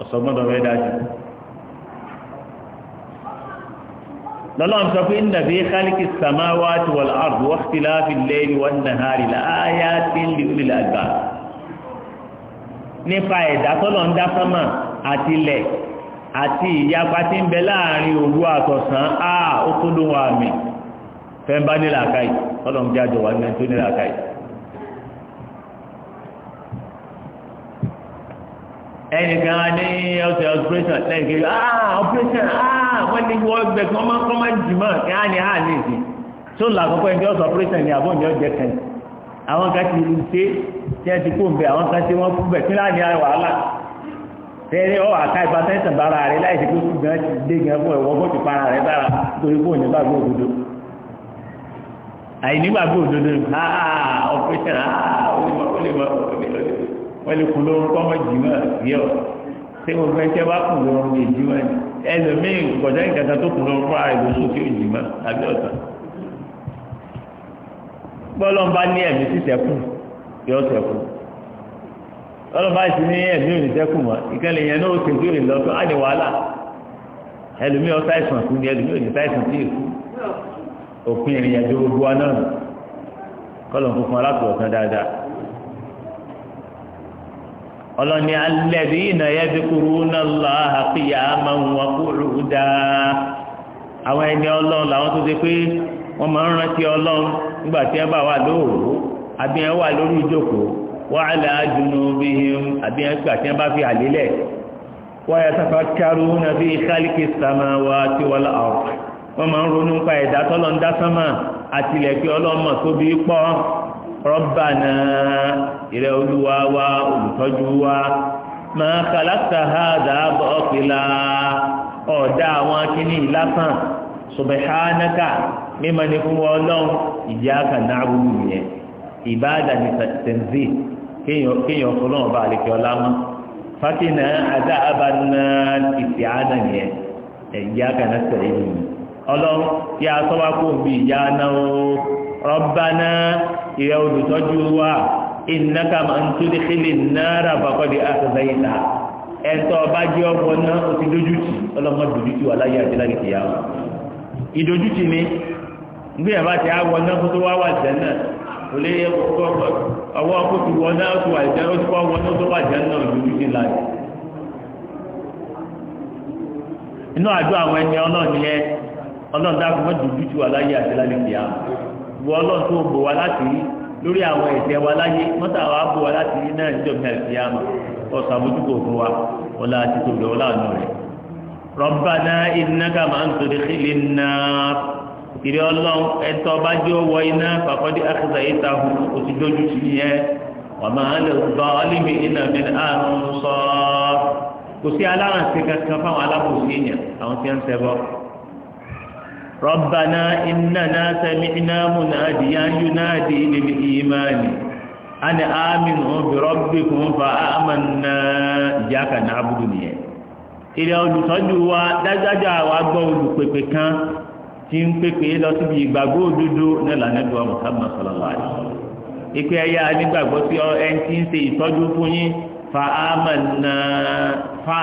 ọ̀sọ́gbọ́dọ̀ rẹ̀ dájú. lọ́lọ́run sọ pé ńdàbí kálíkì sàmáwá ti wọ̀lá àrùn wọ́pì láàfi lẹ́yìn wọn náà láàyà tí ń lè lè àgbà nípa ẹ̀dá tọ́lọ̀ ń dá sánmà àti ilẹ̀ àti ìyapa tí ń bẹ láàrin òru àtọ̀sán á ó tó ló wọn àmì fẹ́ ń bá nílà káì ọlọ́run jẹ́ àjọ wà ní ẹni tó nílà káì ẹnìkan ní ọ̀sẹ̀ operation lẹ́yìn kejì ah operation ah wọ́n ní wọ́n gbẹ kí wọ́n máa kọ́ máa jìmọ̀ kí á ní àá ah, ní ìsìn tó là àkọ́kọ́ ẹni ọ̀sẹ̀ operation ni àbọ̀ ní ọ̀jẹ̀ kan àwọn kan ti ṣe tí ẹ ti kó ń bẹ àwọn kan ṣe wọ́n kú bẹ̀ kí láàrin wàhálà tẹ́rẹ́ ọ́ àká ìfàtẹ́sàn bára rẹ̀ láìsí pé ṣùgbọ́n ti dé gan fún ẹ̀wọ́ bó ti para rẹ̀ bára torí kó ní gbàgbọ́ òdodo àìní gbàgbọ́ òdodo ọ̀pẹ́sẹ̀rà wọ́n lè kún lórun kọ́ mọ́ jìmọ̀ yẹ ọ́ tí mo fẹ́ tẹ́ wá kún lórun lè jìmọ̀ ẹlòmíì kọjá ìkàtà tó kún lórun fún àìlú sókè òjìmọ̀ àbí ọ̀tọ̀ bọ́lọ́mbá ní ẹ̀mí sísẹ́kù yọ sẹ́kù ọlọ́ba ti ní ẹ̀mí ò ní sẹ́kù mọ́ ìkànnì yẹn náà ó ti wàhálà kú ni ẹlòmí ò ní òpin ìrìn àjò gbogbo náà kọlọ̀ ń fún aláàbò dáadáa ọlọ́ni alẹ́bí iná yẹ fi kúrú lọ àkíyà ń kúrú dáa àwọn ẹni ọlọ́run làwọn tó ṣe pé wọ́n máa ń rántí ọlọ́run wàhálà junubihim àbí ẹgbẹ́ àti ẹgbẹ́ fi àlélẹ̀ wa yatafakkaruna fi khalqi samawati wal ard wọ́n máa ń ronú pa ẹ̀dá tọ́lọ ń dá sánmà àtìlẹ̀ pé ọlọ́mọ tó bí pọ́ Rabbana ìrẹ̀ olúwa ọ̀dá àwọn akíní ìlàsàn subhanaka mímọ́ ni fún wọn ọlọ́run iyyaka na'budu yẹn ìbáàdà ní tẹ̀sí kéèyàn fọlọ́wọ́n bá àlekè ọlá mọ́ fatina ada abana ìsì àánà nìyẹn ẹ̀yà kaná sẹ̀rẹ̀ yìí ọlọ́run kí a sọ́wọ́ kó bí ìyá náà ó rọ́bánà ìyá olùtọ́jú wa ìnáka máa ń tún kílì náírà bàkọ́dé àtúnṣeyìnà ẹ̀tọ́ ọba jẹ́ ọkọ̀ náà ó ti dójútì ọlọ́mọ dójútì wà láyé àti láyé kìyàwó ìdójútì ni gbé ẹ̀bá ti á náà tó wá wà jẹ́ náà kò lè yẹ kó kọ́ ọwọ́ kó ti wọ náà tó àìjẹ́ ó ti kọ́ wọn tó tó bàjẹ́ náà lójú ti la yìí. inú àjọ àwọn ẹni ọlọ́run ni ẹ ọlọ́run dákun mọ́ dùdú tù wá láyé àti lálẹ́ kìá wọ ọlọ́run tó bò wá láti rí lórí àwọn ẹ̀ṣẹ̀ wa láyé mọ́tà wa bò wá láti rí náà níjọ́ mi àti kìá mọ́ ọ̀sán àbójúkò fún wa ọlá àti tòbí ọlá àná rẹ̀. ربنا إنك من تدخل النار ìrẹ Ọlọ́run ẹtọ bá jẹ ọwọ iná fàkọdé àkàtà yìí ta hù kò sí dójú sí yẹn ọmọ alẹ ọgbà ọlẹmi iná mi àrùn sọ kò sí alárànṣe kankan fáwọn alábòsí èèyàn àwọn tí wọn ń ṣẹbọ. ربنا إننا سمعنا مناديا ينادي للإيمان أن آمنوا بربكم فآمنا إياك نعبد nìyẹn. ìrẹ olùtọ́jú wa dájájá wa gbọ́ olùpèpè kan tí ń pépè lọ síbi ìgbàgbọ́ òdodo náà lànàgbọ́ Muhammad sallallahu alaihi wasallam ìpè ẹ̀yà nígbàgbọ́ sí ẹni tí ń ṣe ìtọ́jú fún yín fa amanna fa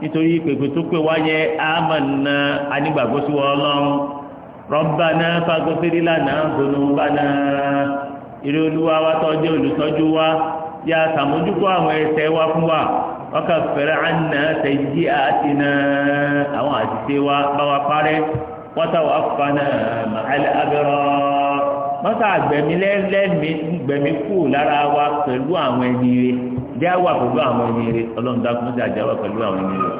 nítorí pèpè tó pè wáyé amanna anígbàgbọ́ sí wọn lọ́rùn Rabbana faghfir lana dhunubana ìrẹ́ olúwa wa tọ́jú olùtọ́jú wa yà sàmójúkọ́ àwọn ẹ̀ṣẹ̀ wa fún wa ọkà fẹ̀rẹ̀ àná tẹ̀yí àtinà àwọn àtìsẹ́ wa bá wa parẹ́ wọ́n tàwọn afọ́nà màálẹ̀ abẹ́rọ́ wọ́n tà gbẹ̀mí lẹ́mí gbẹ̀mí kù lára wa pẹ̀lú àwọn ẹni rẹ̀ jẹ́ wà pẹ̀lú àwọn ẹni rẹ̀ ọlọ́run dákun sí àjẹ́ wà pẹ̀lú àwọn ẹni rẹ̀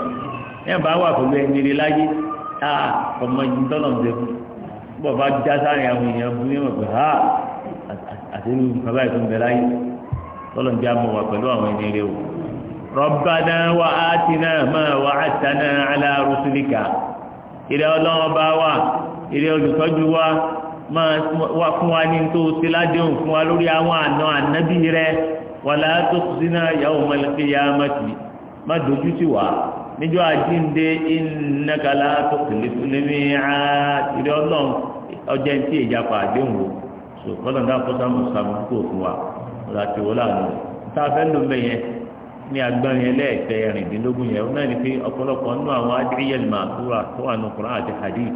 ẹ̀ bá wà pẹ̀lú ẹni rẹ̀ láyé ọmọ yìí tọ́lọ̀ ń dẹ fún bọ́ bá já sáré àwọn èèyàn fún yẹn wọ̀ pé ha àtẹ́lú bàbá ìfún bẹ̀rẹ̀ ayé tọ́lọ̀ ń mọ̀ wà pẹ̀lú àwọn ẹni rẹ̀ o rọ̀bánà wà á ti náà máa wà á ta náà alárùsùlìkà ìrẹ́ ọlọ́wọ́ bá wà ìrẹ́ olùtọ́jú wa máa fún wa ní tó ṣe ládéhùn fún wa lórí àwọn àna ànábì rẹ wàlá tó kù sínú yawmal qiyamati má dojú tì wá níjọ́ àjíǹde innaka la tukhliful mi'ad ìrẹ́ ọlọ́run ọjọ́ ẹni tí èjà pa àdéhùn o so kọ́lọ̀ náà kọ́sàmù sàmù kúrò fún wa ọ̀là tìwọ́lá nù tá a fẹ́ lò mẹ́yẹn ní agbọ́nrin ẹlẹ́ẹ̀kẹ́ ẹ̀rìndínlógún yẹn ó náà ní pé ọ̀pọ̀lọpọ̀ nínú àwọn adíyẹ̀lì màkúrà tó wà nù Kùránì àti hadith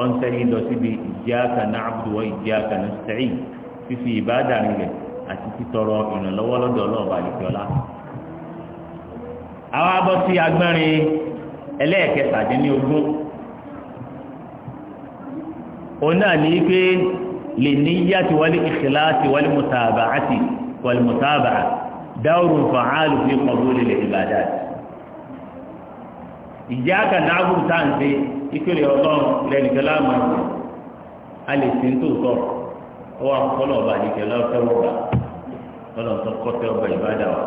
ọ̀ ń sẹ́yìn lọ síbi iyyaka na'budu wa iyyaka nasta'in fífi ìbáàdà rinlẹ̀ àti títọrọ ìrànlọ́wọ́ lọ́dọ̀ ọlọ́ọ̀bà àdìgbọ́lá. àwọn abọ́ sí agbọ́nrin ẹlẹ́ẹ̀kẹtàdínlógún òun náà ní pé dáwòrò fàáàlù fi kọ̀ọ̀bù lè ìbàdàn ìjà kà dáàbò táǹsì ìpínlẹ̀ ọlọ́run lẹ́nìkan láàmú ẹ̀sìn a lè sin tó sọ ọ wà kọ́lọ̀ ọba àdìgẹ́ lọ́fẹ́ wọ̀gbà kọ́lọ̀ tó kọ́tẹ́ ọba ìbàdàn wa.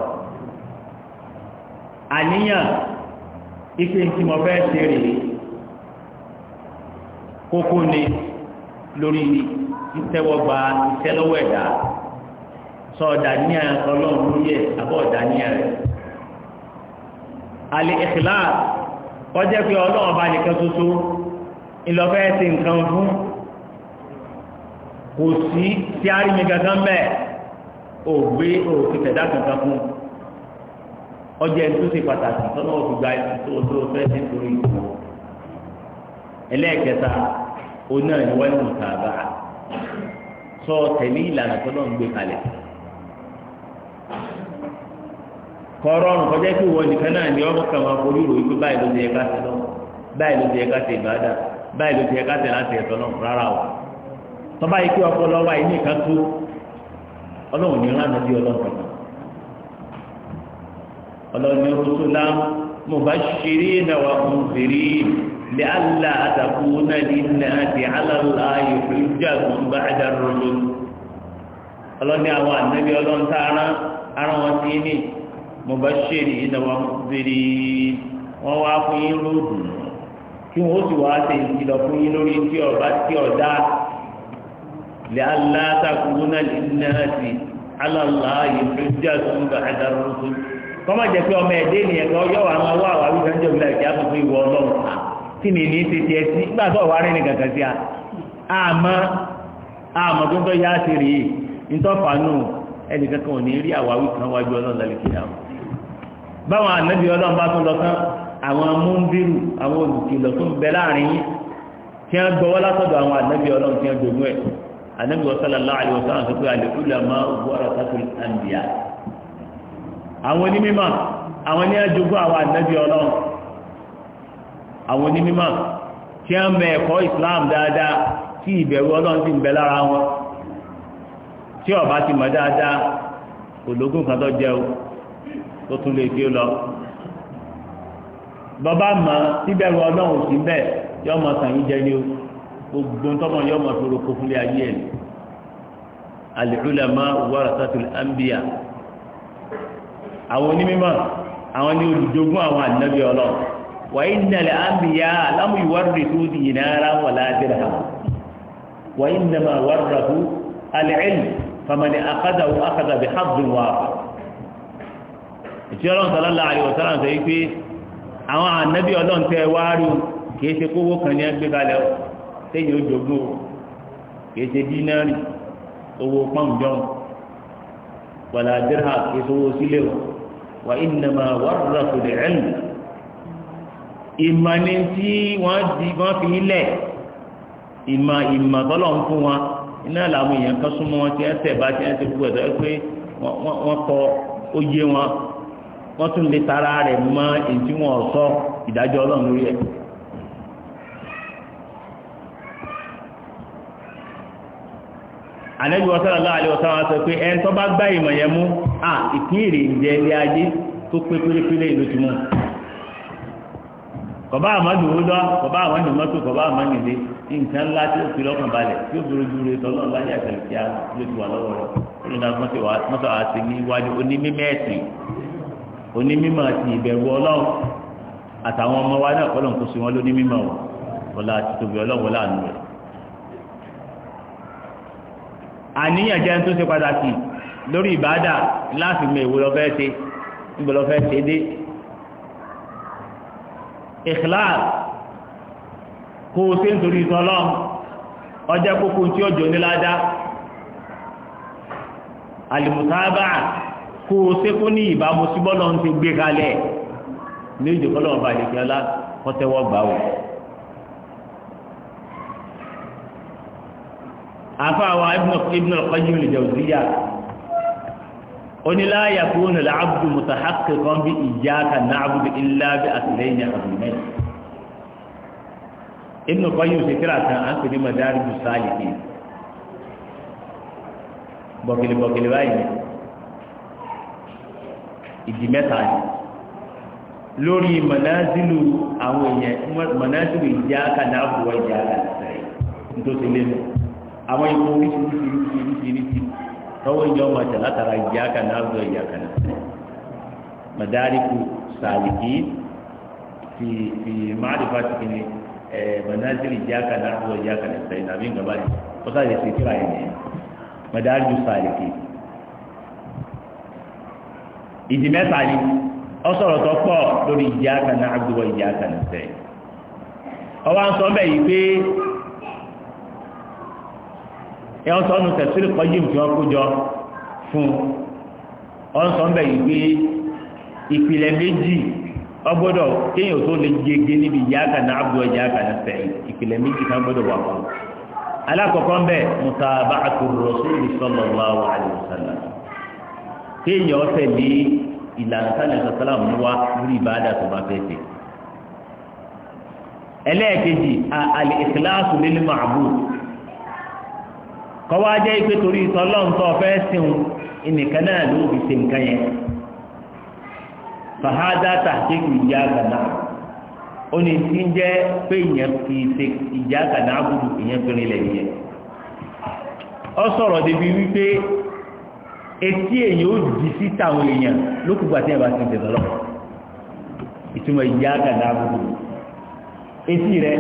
àníyàn ipe tí mo fẹ́ ṣe rèé kókó ni lórí ìtẹ́wọ́gba ìtẹ́lọ́wọ́ ẹ̀dá sọ ọ̀dàníà ọlọ́run lórí ẹ̀ àbọ̀ ọ̀dàníà rẹ̀ alẹ́ ìkìlá kọjẹ́ pé ọlọ́run bá nìkan ṣoṣo ìlọ́fẹ́ ti nǹkan fún kò sí tí a rí mi gangan bẹ́ẹ̀ ò gbé òfin tẹ̀dá kankan fún ọjọ́ ẹni tó ṣe pàtàkì tọ́nà òfin gba ẹni tó sí nítorí ìgbò ẹlẹ́ẹ̀kẹta onáà ni wọ́n ń mú tààbà sọ tẹ̀lé ìlànà tọ́nà ń gbé kalẹ̀ kọ́rọ́ọ̀rùn kọjá kí wọ́n nìkan náà ní ọmọ kan máa forí rò wípé báyìí ló ti yẹ ká ṣe lọ báyìí ló ti yẹ ká ṣe ìbáàdà báyìí ló ti yẹ ká láti ẹ̀tọ́ náà rárá o tọ́ba yìí kí ọpọlọ wa yìí nìkan tó ọlọ́run ní ránà bí ọlọ́run kankan ọlọ́run ní rusulan mubashirina wa munzirin li'alla takuna linnasi 'ala Allahi hujjatun ba'da ar-rusul ọlọ́run ní àwọn ànábì ọlọ́run tá ara wọn ti ní mọ̀báṣẹ́rì ìdáwà bèrè wọn wá fún yín lóòdù kí wọn ó sì wá ṣe ìkìlọ̀ fún yín lórí tí ọba tí ọ̀dá lẹ́ aláàtàkùnrin náà ti aláàláyé fẹ́jú àtúntò àdàrúntò kọ́mọ̀ jẹ́ pé ọmọ ẹ̀dẹ́ ènìyàn kan yọ̀ wá máa wá àwọn àwùjọ ń jẹ̀bi láì kí á ìwọ ọlọ́run tí mi ní ti tiẹ̀ sí tó wà kankan sí a àmọ́ àmọ́ tó ń tọ́ yá ẹnì kankan ò ní rí àwáwí kan wájú ọlọ́run lálẹ́ kí àwọn. báwọn ànábì ọlọ́run bá tún lọ tán àwọn múndírù àwọn olùkìlọ̀ tó ń bẹ láàrin yín tí wọ́n gbọ́wọ́ látọ̀dọ̀ àwọn ànábì ọlọ́run tí wọ́n jogún ẹ̀ ànábì sallallahu alaihi wasallam sọ pé àlèkúlà máa wọ ọ̀rọ̀ sákòlì àǹbíyà. àwọn onímọ̀ àwọn ní ajogún àwọn ànábì ọlọ́run àwọn onímọ̀ tí wọ́n mẹ ẹ̀kọ́ tí ọba ti mọ̀ dáadáa ológun kan tó jẹ́ o tó tún lè fi lọ bàbá mọ̀ síbẹ̀rù ọlọ́run sí bẹ́ẹ̀ yọ mọ̀ sàn yín jẹ ní o gbogbo ntọ́mọ yọ mọ̀ fi roko fúnlé ayé ẹ̀ al-ulama warasatul anbiya àwọn onímọ̀ àwọn ní olùjogún àwọn ànábì ọlọ́run wa innal anbiya lam yuwarrithu dinaran wala dirham wa innama warrathu al-ilm famani akada wo akada bi habdun wa ìtí ọlọ́run sallallahu alaihi wasallam sọ wípé àwọn ànábì ọlọ́run tẹ wá rí kìí ṣe kówó kan ní ẹgbẹ́ kalẹ̀ ọ téèyàn ó jogún o kìí ṣe dínárì owó pọ́ǹjọ́n wàlá dirham kìí ṣe owó sílẹ̀ o wà innama warrasu al-ilm ìmọ̀ ni tí wọ́n fi ilẹ̀ ìmọ̀ ìmọ̀ tọ́lọ̀ ń fún wọn iná làwọn èèyàn kan súnmọ́ wọn tí ẹ tẹ̀ bá tí ẹ ti gbogbo ẹ̀dọ́ pé wọ́n kọ oyé wọn wọ́n tún lè tara rẹ̀ mọ́ èyí tí wọ́n sọ ìdájọ́ ọlọ́run lórí ẹ̀. ànẹ́bí wọn sọ́rọ̀ láàrin ọ̀sán wọn sọ pé ẹni tó bá gbá ìmọ̀ yẹn mú à ìpín ìrìn ìjẹ́ ilé ajé tó pé pérépéré ìlú ti mú un bàbá àmàdù ó dá bàbá àmàdù mọ́tò bàbá àmàdù ilé nǹkan ńlá tí ó fi lọ́kàn balẹ̀ tí ó dúró dúró tọ́lọ́ láyé àtẹ̀lẹ̀ kí á ló ti wà lọ́wọ́ rẹ̀ olùdá mọ́tò àti níwájú onímímẹ́ẹ̀sì onímímọ̀ àti ìbẹ̀rù ọlọ́run àtàwọn ọmọ wa náà kọ́lọ̀ ń kó sí wọn lónímímọ̀ wọn wọlá àti tóbi ọlọ́run láàánú rẹ̀ àníyàn jẹ́ tó ṣe pàtàkì lórí ìbáadà láti mọ èwo lọ ṣe níbo ṣe dé ikhlas kó o ṣe ń torí ìtọ́lọ́m ọjà kókó tí ọjọ́ níláàdá alimusaba kó o ṣe kó ní ìbámu sí bọ́lọ̀ ń ti gbé kalẹ̀ ní ìjọkọ́lọ́ ọba àdìkẹ́lá kọ́tẹ́wọ́ gbà wò. àfa àwa ibn al-Qayyim al oníláyà fún ilẹ̀ abudu mutahakki kan bí iyyaka na'budu illa bí àtìlẹ́yìn àbùmẹ́ inú kọ́yìn òṣèkìrà kan à ń pè ní madari ju sáàlì kì í bọ̀kìlì bọ̀kìlì báyìí ìdí mẹ́ta yìí lórí mọ̀násílù àwọn èèyàn mọ̀násílù iyyaka na'budu wa iyyaka nasta'in nítorí lẹ́nu àwọn ikú oríṣiríṣi oríṣiríṣi tọ́wọ́ ìjọ máa tẹ̀ látara ìyá kan náà lọ ìyá kan náà madariku sàlìkì fi fi máàlìfà tìkìnì ẹ manazili ìyá kan náà lọ ìyá kan náà sẹ́yìn àbí nǹkan báyìí ó sáré sí kíra ẹ̀ madariku sàlìkì ìdí mẹ́ta ọ sọ̀rọ̀ tó pọ̀ lórí ìyá kan náà lọ ìyá kan náà sẹ́yìn ọwọ́ à ń sọ bẹ́ẹ̀ yìí pé. ẹ wọ́n sọ ọ́nù tẹ̀sílì kọ́yìm tí wọ́n kó jọ fún ọ́n sọ ọ́nbẹ̀ yìí pé ìpìlẹ̀ méjì ọgbọ́dọ̀ kéèyàn tó lè gègé níbi ìyáàkà náà abu ọjà àkà náà sẹ́yìn ìpìlẹ̀ méjì kan gbọ́dọ̀ wà fún alákọ̀ọ́kọ́ ń bẹ̀ mutaba'atu rasuli sallallahu alaihi wasallam kéèyàn ọ̀sẹ̀ ìlànà sálẹ̀ mú wa lórí tó bá fẹ́ ṣe ẹlẹ́ẹ̀kejì kọ́wá jẹ́ ipe torí ìtọ́lọ́ǹtọ́ fẹ́ sìn ìnìkan náà ló fi se nǹkan yẹn fàhádà tàkìkì ìyá gàdá ó ní tí ń jẹ́ pé ìyẹn fi ṣe ìyá gàdá gbùdù ìyẹn péré yẹn ọ sọ̀rọ̀ débi wípé etí ó di sí tàwọn èèyàn lókùgbà tí ẹ bá ti ń tẹ̀sán ìtumọ̀ ìyá gàdá gbùdù etí rẹ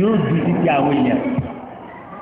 yóò di sí ti àwọn èèyàn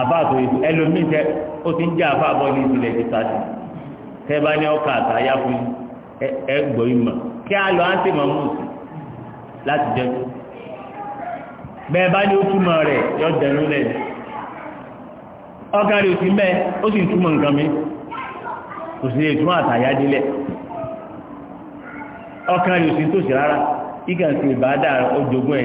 àfa àtò ìlú ẹlòmíín tẹ ó ti ń jẹ àfa àbọ̀ ní ìsìlẹ̀ ti sáàsì tẹ bá ní ọkà àtàyà fún ẹ kí a lọ á sì mọ̀ mùsù láti jẹ tó bẹ́ẹ̀ bá ní ó yọ ò sí ó sì nǹkan mi kò sí ò sí rárá kíkà sí ìbádà ojogún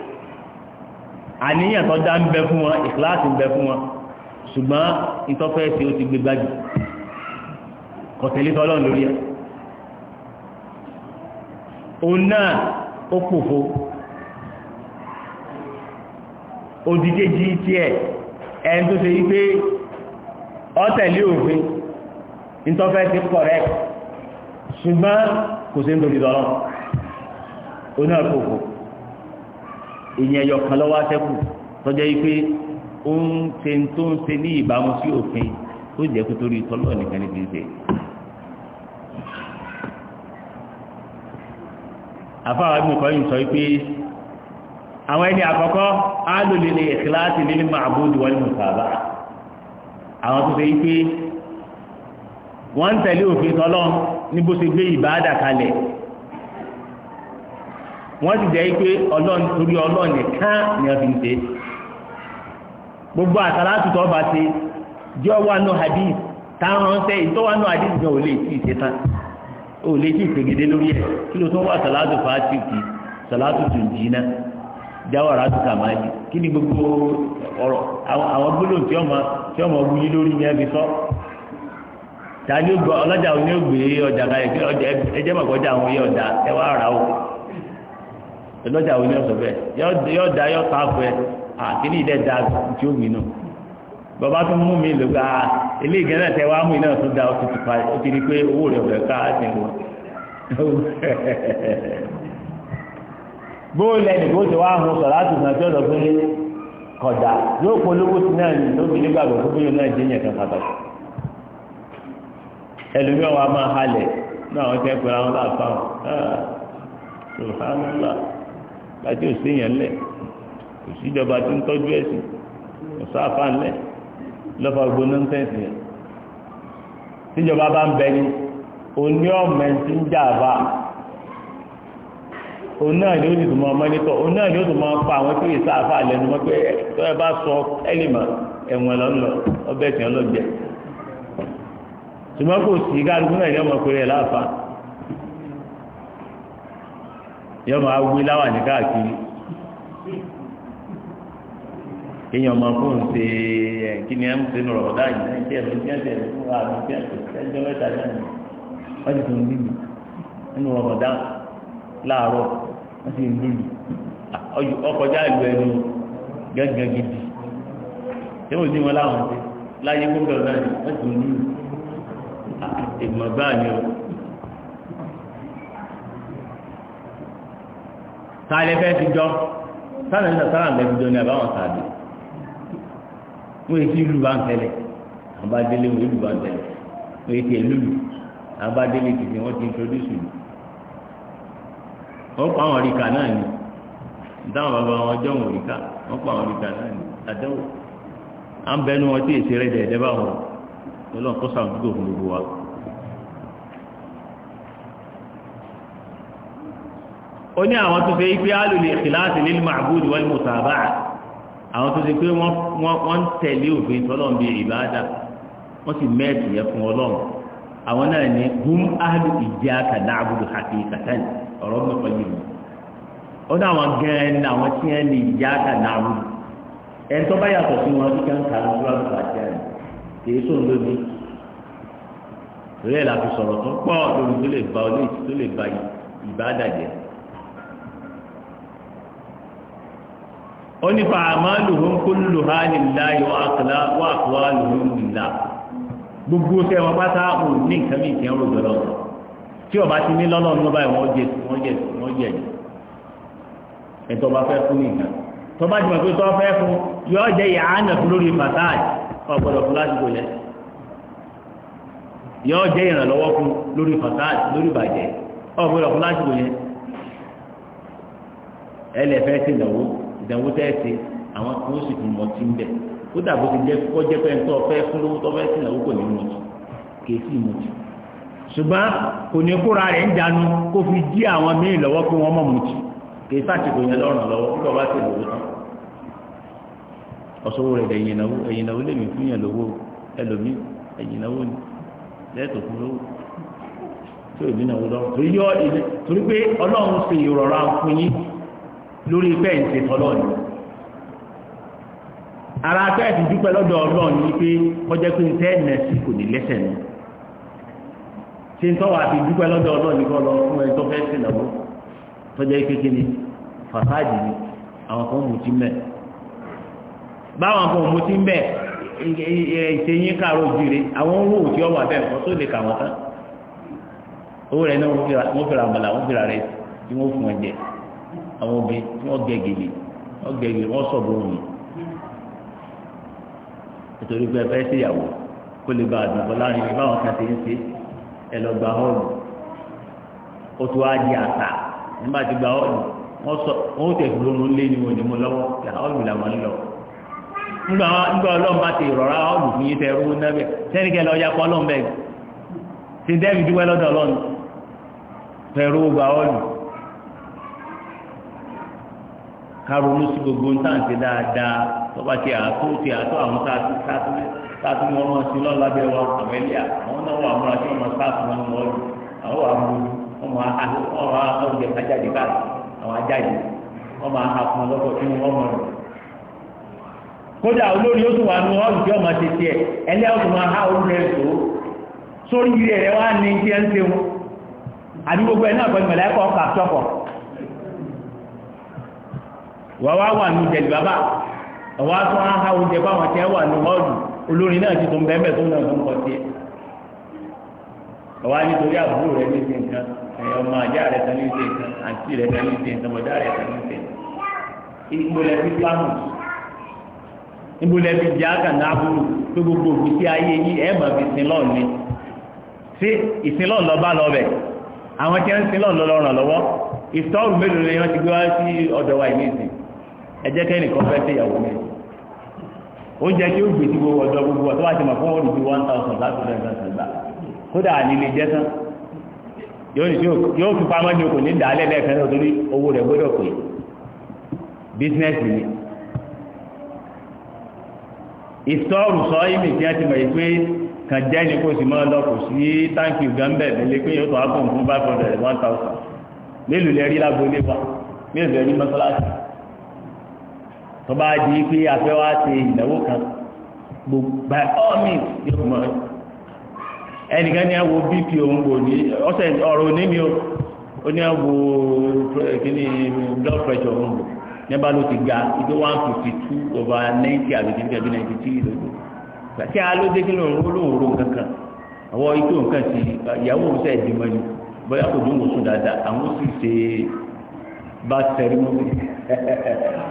àníyàn tó dá ń bẹ fún wọn ìkíláàsì ń bẹ fún wọn ṣùgbọ́n ìtọ́fẹ́ ṣe ó ti gbé gbájú kọ̀tẹ́lẹ́ tọ́lọ́run lórí ẹ̀ òun náà ó pòfo òdìkejì tiẹ̀ ẹni tó ṣe yí pé ọ̀tẹ̀lé òfin ìtọ́fẹ́ ti correct ṣùgbọ́n kò sí ń torí tọ́lọ́run òun náà pòfo ìyẹn yọkan lọ́wọ́ atẹ́kù tọ́jọ́ yìí pé ó ń ṣe tó ń ṣe ní ìbámu sí òfin tó jẹ́ kó torí tọ́lọ́ nìkan ní ti ń ṣe. àfáà ibùn kan yìí sọ pé àwọn ẹni àkọ́kọ́ á lò lè lè kíláàsì nínú màbúdù wọn nínú sàbà àwọn tó ṣe yìí pé wọ́n ń tẹ̀lé òfin tọ́lọ́ ní bó ṣe gbé ìbáàdà kalẹ̀ wọ́n ti jẹ́ pé orí torí ọlọ́run nìkan ni wọ́n gbogbo àtàlà ọba ṣe jọ wà nù hadith táwọn ṣe ìtọ́ wà nù hadith ò lè tí ì ṣe tán ò lè tí ì lórí ẹ̀ kí ló tún wà sàlátù fàájì kì sàlátù tún jì náà jáwàrà tó máa kí ni gbogbo ọ̀rọ̀ àwọn gbólóhùn tí ọmọ tí ọmọ lórí sọ ọlọ́jà ògbé ọjà ká ẹjẹ́ àwọn ẹwà lọ́jà wo ni ọ̀sọ̀ bẹ́ẹ̀ yọ da yọ ta fún ẹ àkíní ìdẹ́ da tí ó mìíràn bàbá tó mú mi lò gba ilé ìgbẹ́ tẹ wá mú iná tó da ó ti pa ó ti rí pé owó rẹ̀ ọ̀rẹ́ ká ti wọ̀ bóòlẹ̀ nìkó ti wá hun sọ̀rọ̀ láti ìgbà tí ọ̀dọ̀ pé kọ̀dà yóò polówó sí náà ní lóbi nígbàgbọ́ náà láti òsì èèyàn lẹ̀ òsì ìjọba tó ń tọ́jú ẹ̀sìn ọ̀sáfà ńlẹ̀ lọ́fà gbóná ń tẹ̀sí ẹ̀ tíjọba bá ń bẹ ní oní ọ̀mẹ tí ń jà bá òun náà ni ó sì tún mọ ọmọ nítọ òun náà ni ó tún mọ pa àwọn tó yẹ sáfà lẹ́nu mọ́ pé tó ẹ bá sọ ẹlìmọ ẹ̀wọ̀n lọ ń lọ ọbẹ tí wọn lọ jẹ ṣùgbọ́n kò sí kálukú náà ní ọmọ péré láàfáà. yọ ma wí láwà ní káàkiri kéèyàn máa fóun ṣe ẹ kí ni ẹ ń ṣe yìí ẹ lọ sí ẹsẹ̀ rẹ fún wa àbí tí ẹ jọ mẹ́ta náà ni wọ́n ti tún lù mí nínú rọ̀bọ̀dá láàárọ̀ ń sáré fẹ́ fi jọ sáré ní sàrà ń bẹ fi jọ ní àbáwọn sàbí wọn èsì ìlú bá ń tẹlẹ àbádélé wọn bá ń tẹlẹ wọn wọn ti introduce mi wọn pa àwọn òrìkà náà ni dáhùn bàbá wọn jọ wọn òrìkà wọn pa àwọn ó ní àwọn tó fẹ́ pé alùlé ìkìláàsì lil ma'bud wal mutaba'a àwọn tó ṣe pé wọ́n ń tẹ̀lé òfin tọ́lọ́n bíi ìbáadà wọ́n sì mẹ́ẹ̀tì yẹ fún ọlọ́run àwọn náà ní hum ahlu iyyaka na'budu haqiqatan ọ̀rọ̀ mẹ́fọ́ yìí ni ó ní àwọn gan-an ní àwọn tí wọ́n ní iyyaka na'budu ẹni tó bá yàtọ̀ sí wọn kí káńkà ló àti àná kì ó ní fa àmàlùhún kúlù ha nílá yóò àkàlà wà àkàlà lòún nílá gbogbo ṣe wọn bá tá òun ní nǹkan mìíràn kí wọn rò lọ tí ọba ti ní lọ́nà ọ̀nà báyìí wọ́n jẹ wọ́n jẹ wọ́n jẹ ẹ̀tọ́ bá fẹ́ fún nìkan tó bá jùmọ̀ pé tó fẹ́ fún yọ jẹ ìhánà fún lórí massage ọgbọ́dọ̀ fún lásìkò yẹn yọ jẹ ìrànlọ́wọ́ fún lórí massage lórí bàjẹ́ ọgbọ́dọ̀ fún lásìkò yẹn ẹlẹ́fẹ́ sí ìnáwó ìdánwò tẹ́ẹ̀sì àwọn kan ó sì fi mọ tí ń bẹ̀ ó dàbò ti jẹ́ kó jẹ́ pé ńtọ́ fẹ́ fún lówó tó fẹ́ sí ìnáwó kò ní mọ̀ tì kì í sì mọ̀ tì ṣùgbọ́n kò ní kóra rẹ̀ ń dànù kó fi dí àwọn míì lọ́wọ́ pé wọ́n mọ̀ mọ̀ tì kì í sàtìkò yẹn lọ́rùn lọ́wọ́ bí wọ́n bá ti lòó tán ọ̀ṣọ́wó rẹ̀ ẹ̀yìn ẹ̀yìn ìnáwó lèmi fún yẹn lówó ẹlòmíì ẹ̀yìn ìnáwó ni fún lówó lórí pẹ́ ìṣe tọ́lọ́ ni ara tó ẹ̀sìn dúpẹ́ lọ́dọ̀ ọlọ́run ni pé kọjá pé ń tẹ́ ẹ̀nà sí kò ní lẹ́sẹ̀ ni ṣe ń tọ́wọ́ àti dúpẹ́ lọ́dọ̀ ọlọ́run ní kọ́ lọ fún ẹni tó fẹ́ sí ìnáwó tọ́jà kékeré ni fàsáàdì ni àwọn kan mú ti mẹ́ báwọn kan mú ti mẹ́ ìṣẹ́yìn kàró jire àwọn owó òtí ọwọ́ abẹ́ ẹ̀kọ́ tó lè kà wọ́n tán owó rẹ̀ náà wọ́n fi ra àmàlà wọ́n fi ra rẹ̀ tí wọ́n fún ọ jẹ́ àwọn obìnrin tí wọ́n wọn gèlè wọ́n gẹ nítorí pé ẹ fẹ́ kó lè ba láàrin ibi báwọn kan ti ń ṣe ẹ lọ gba họ́ọ̀lù ó tún wáá di àṣà nígbà tí gba họ́ọ̀lù wọ́n sọ lóun lé ní wọn ní mo rọra fún yín tẹ lọ́ọ́ ọlọ́run bẹ́ẹ̀ ti dẹ́bi dúpẹ́ ronú sí gbogbo ń tàn ṣe dáadáa tọ́ba ti àtó ti àtó àwọn sáàtú wọn máa ṣe lọ́la bẹ́ẹ̀ wọn àwọn ilé àwọn náà wà múra tí wọ́n máa sáàtú wọn mọ́ ọ́lù àwọn wà mú wọn máa ha wọn máa ha oúnjẹ ajáde báyìí àwọn ajáde wọn máa ha fún ọlọ́kọ̀ tí wọ́n mọ̀ rẹ̀. kódà olórí yóò tún wà nù ọ́lù tí wọ́n máa ṣe tiẹ̀ ẹlẹ́ yóò tún máa ha oúnjẹ tó sórí ilé rẹ̀ wá ní iṣẹ́ ń ṣe àbí gbogbo wà wá wà nù jẹ̀lì bàbá ọ̀wá tó ń ha oúnjẹ báwọn tiẹ̀ wà nù họ́ọ̀lù olórin náà ti tó ń bẹ́ẹ̀ tó ń náà tó tiẹ̀ ọ̀wá nítorí àbúrò rẹ ní ìsìn nǹkan ẹ̀yọ́ ọmọ àjá rẹ kan ní ìsìn àǹtí ní ìsìn ọ̀dá ní ìsìn fi fáwọn fi jẹ́ àbúrò pé gbogbo ayé yìí ẹ̀ ẹjẹ́ kẹ́ nìkan fẹ́ fẹ́ ìyàwó mi oúnjẹ tí ó gbé sí gbogbo ọjọ́ gbogbo ọ̀tọ́ wá mọ̀ fún wọn lùdí one thousand láti ọjọ́ ìgbà sàgbà kódà nílé jẹ́ tán yóò fi pamọ́ ní okùn ní ìdálẹ́ lẹ́ẹ̀kan náà torí owó rẹ̀ gbọ́dọ̀ pé bísínẹ́sì ni ìtọ́rù sọ ìmì tí a ti mọ̀ pé kàn jẹ́ ní kó sì mọ́ lọ sí táǹkì gánbẹ̀ nílé pé yóò tó á bùn fún five hundred one thousand mélòó lẹ́rí lágbo ilé wa mélòó lẹ́rí mọ́sálásí tó bá di pé afẹ́ wa ṣe ìnáwó kan gbogbo ọ̀mì yóò mọ̀ ẹnìkan ní àwọn bp òun wò ní ọ̀sẹ̀ ọ̀rọ̀ òní mi o ó ní àwọn eh, kíní blood pressure òun wò nígbà ló ti ga ibi one fifty two over ninety àbí kìíní ninety three lójú kí ló ń kankan àwọn ikú nǹkan ti ìyàwó òun sẹ́ẹ̀ mọ́ni bóyá kò sùn dáadáa àwọn sì ṣe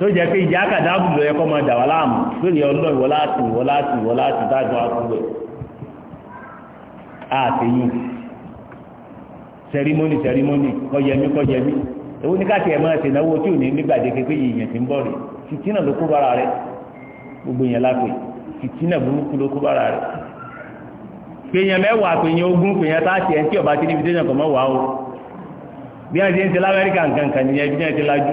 tó jẹ́ pé ìjà kàdáàbù ló yẹ kó máa dà wá láàmú lónìí ọlọ́ọ̀ ìwọ láti ìwọ láti ìwọ láti tájú àkúgbè àtẹ̀yìn sẹrimóni sẹrimóni kọyẹmí kọyẹmí èwo ní káàkiri ẹ̀ máa ṣe náwó tí ò ní nígbàdéke pé yìnyín ti ń bọ̀ rè fìtínà ló kó bára rẹ gbogbo yẹn lápè fìtínà burúkú ló kó bára rẹ pèèyàn mẹ́wàá pèèyàn ogún pèèyàn táàtì ẹ̀ ń tí ọba tí níbi tẹ́yàn kọ̀ mọ́ wàá o bí wọ́n ti ń ṣe lamẹ́ríkà nǹkan nǹkan nìyẹn bí wọ́n ti lajú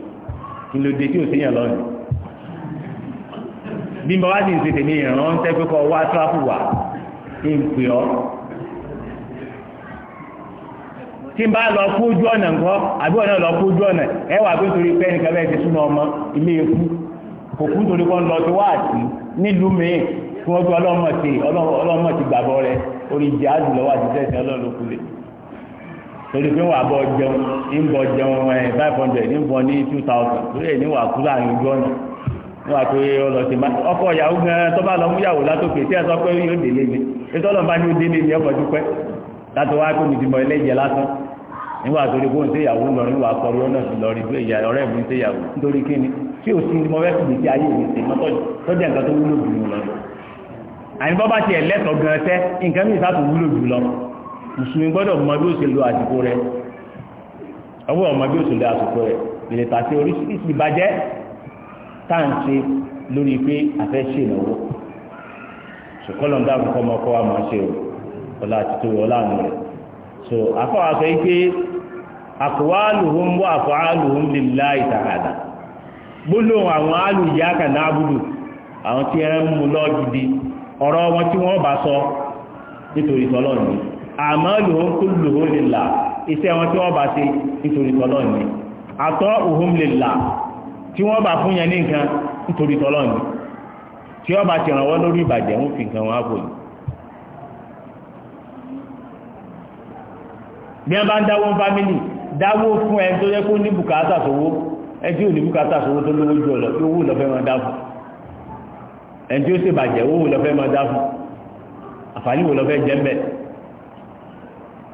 ìlòdè tí ò sí yàn lọ́nà bí mo bá sì ń ṣe tèmi ìrànwọ́n tẹ́ pé kọ́ wá tíráfù wà ní ìpè ọ́ tí n bá lọ kú ojú ọ̀nà nǹkan àbí ọ̀nà lọ kú ojú ọ̀nà ẹ wà pé torí pé nìkan bẹ́ẹ̀ ti súnmọ́ ọmọ ilé ikú kò kú torí kan lọ sí wáàtí nílùú mi fún ọdún ọlọ́mọ ti gbàgbọ́ rẹ orí ìjà àdùlọ́wọ́ àti tẹ̀sán ọlọ́run lókulè. torí pé wà bọ́ jẹun ń jẹun five hundred ń bọ́ ní two thousand lórí ẹ̀ ní wà kú láàrin ojú ọ̀nà ní wà pé ìyàwó gan lọ mú ìyàwó látòkè tí ẹ sọ pé yóò délé mi ètò ọlọ́mọba ni ó délé mi ọkọ̀ dúpẹ́ wá mi ti mọ ẹlẹ́jẹ̀ lásán nígbà tó lè kó ń ni tí ò sí mo fẹ́ ayé mi sí nǹkan tó wúlò mùsùlùmí gbọ́dọ̀ mọ bí ó ṣe lo àsìkò rẹ̀ ọwọ́ ọmọ bí ó ṣe lo àsìkò rẹ̀ lè tàṣe oríṣiríṣi ìbàjẹ́ táǹṣe lórí pé àfẹ́ ṣe ìnáwó ṣùkọ́lọ̀ ń dáàbò kọ́ ṣe o ọlá àti tó ọlá àánú rẹ̀ so afọ́wà àwọn àwọn tí ẹ ń lọ gidi ọ̀rọ̀ wọn tí wọ́n bá àmọ́lù ó kú lòó lèlà iṣẹ́ wọn tí wọ́n bá ṣe nítorí tọ́lọ́ ni àtọ́ òhun lèlà tí wọ́n bá fún yẹn ní nǹkan nítorí tọ́lọ́ ni tí wọ́n bá ti ràn wọ́n lórí ìbàjẹ́ ń fi nǹkan wọn á bò ní. bí wọ́n bá ń dáwó fámìlì dáwó fún ẹni tó yẹ kó ní bùkátà sówó ẹni tí ò ní bùkátà sówó tó lówó jù ọ̀lọ́ owó lọ́fẹ́ máa dá fún ẹni tí ó ṣèbàjẹ́ owó lọ́fẹ́ máa dá fún àǹfààní wo lọ́fẹ́ jẹ́ mbẹ́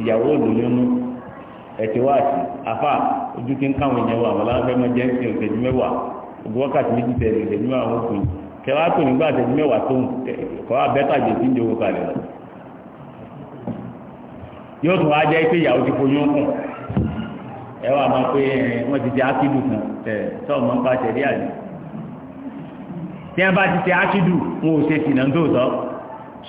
ìyàwó òlòlónú ẹ̀tẹ̀wáàtì afá ojú kí ń káwọn èèyàn wà wọ́n láwọn fẹ́ jẹ́ ìṣẹ́ òṣèlú mẹ́wàá ogun wákàtí méjì tẹ̀lé mẹ́wàá kẹwàá tó nígbà mẹ́wàá tó ń kọ́ abẹ́tàjẹ́ tí ń kalẹ̀ lọ. yóò tún wá jẹ́ pé ìyàwó ti foyún kùn ẹ wà máa pé wọ́n ti jẹ́ ákídù kan tẹ̀ sọ́ọ̀ mọ́ ń pa tẹ̀lé àlè tí wọ́n bá ti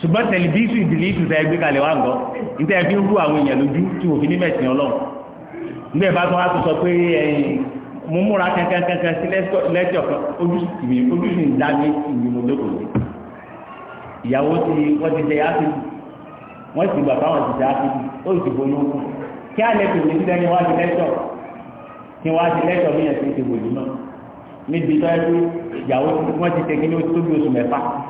ṣùgbọ́n tẹlifíṣù ìdìlíṣù tẹ gbé kalẹ̀ wá ń gọ́ níta ẹbí ń rú àwọn èèyàn lójú tí òfin ní mẹ̀sìn ọlọ́run nígbà bá tó wá tó sọ pé mo múra kankankankan sí lẹ́tọ̀ kan ojúṣì mi ojúṣì ń dá mi ìlú mo lóko mi ìyàwó ti wọ́n ti jẹ yáfi wọ́n ti gbà báwọn ti jẹ yáfi ó sì bóyá ó kú kí á lè pèsè sílẹ̀ ni wọ́n ti lẹ́tọ̀ kí wọ́n ti lẹ́tọ̀ mí yẹn ti ti wòlú náà níbi tó yẹ kó ìyàwó wọ́n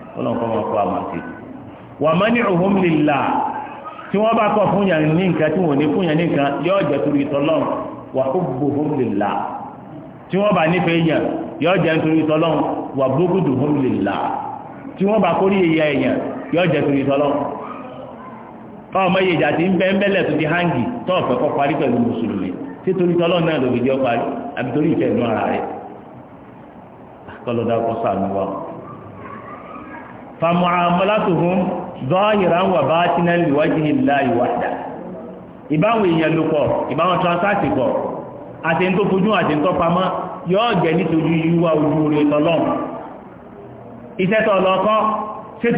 ọlọ́run kọ́ máa kọ́ àmàtì wà má ní ọ̀hún lílà tí wọ́n bá kọ́ fún yàn ní nǹkan tí wọ́n ní fún yàn ní nǹkan yọ jẹ́ torí tọ́lọ́run wà ó gbòhún lílà tí wọ́n bá nífẹ̀ẹ́ yàn yọ jẹ́ torí tọ́lọ́run wà gbógùdù hún lílà tí wọ́n bá kórí ìyá èèyàn yọ jẹ́ torí tọ́lọ́run ọmọ iye ìjà tí ń bẹ́ ń tó di hangi tó kọ́ fàmùhàmọ́látòhún zọ́ọ̀yìnrà ń wà bá tínà lìwájú àbá ìwàdà ìbáwọn èèyàn ló pọ̀ ìbáwọn transact pọ̀ àtẹ̀ntó fojú àtẹ̀ntó pamọ́ yóò jẹ́ nítorí yíwá jẹ kó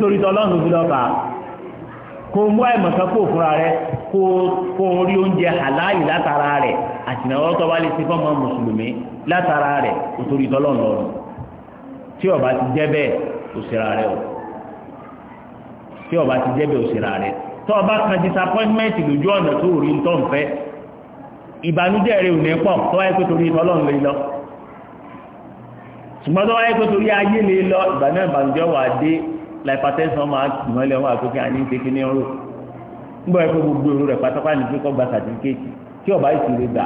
torí tọ́lọ́m lọ́nà ìwé kò mú àìmọ̀kan kó fúnra rẹ̀ kó rí oúnjẹ àláàyè látara rẹ̀ àtìnáwó tó bá lè ṣe fọ́mọ mùsùlùmí látara rẹ̀ kò torí tọ́lọ̀ lọ́rùn tí ó bá ti jẹ́ bẹ́ẹ̀ òṣèrà rẹ̀ o tí ó bá ti jẹ́ bẹ́ẹ̀ òṣèrà rẹ̀ tó o bá kan disappointment lójú ọ̀nà tó rí ń tọ́ ń fẹ́ ìbànújẹ́ rẹ̀ ò ní pọ̀ tó wáyé pé torí tọ́lọ̀ lè lọ ṣùgbọ́n tó wáyé pé torí ayé lè lọ ìbànújẹ́ wà dé láìpàtẹ́sán máa tì wọ́n lé wọn àtúnkẹ́ àní kékeré ní ọ̀rọ̀ nígbà wípé gbogbo èrò rẹ̀ pátápátá ní pé kọ́ gba sàtífíkẹ́tì tí ọba ìṣirò gbà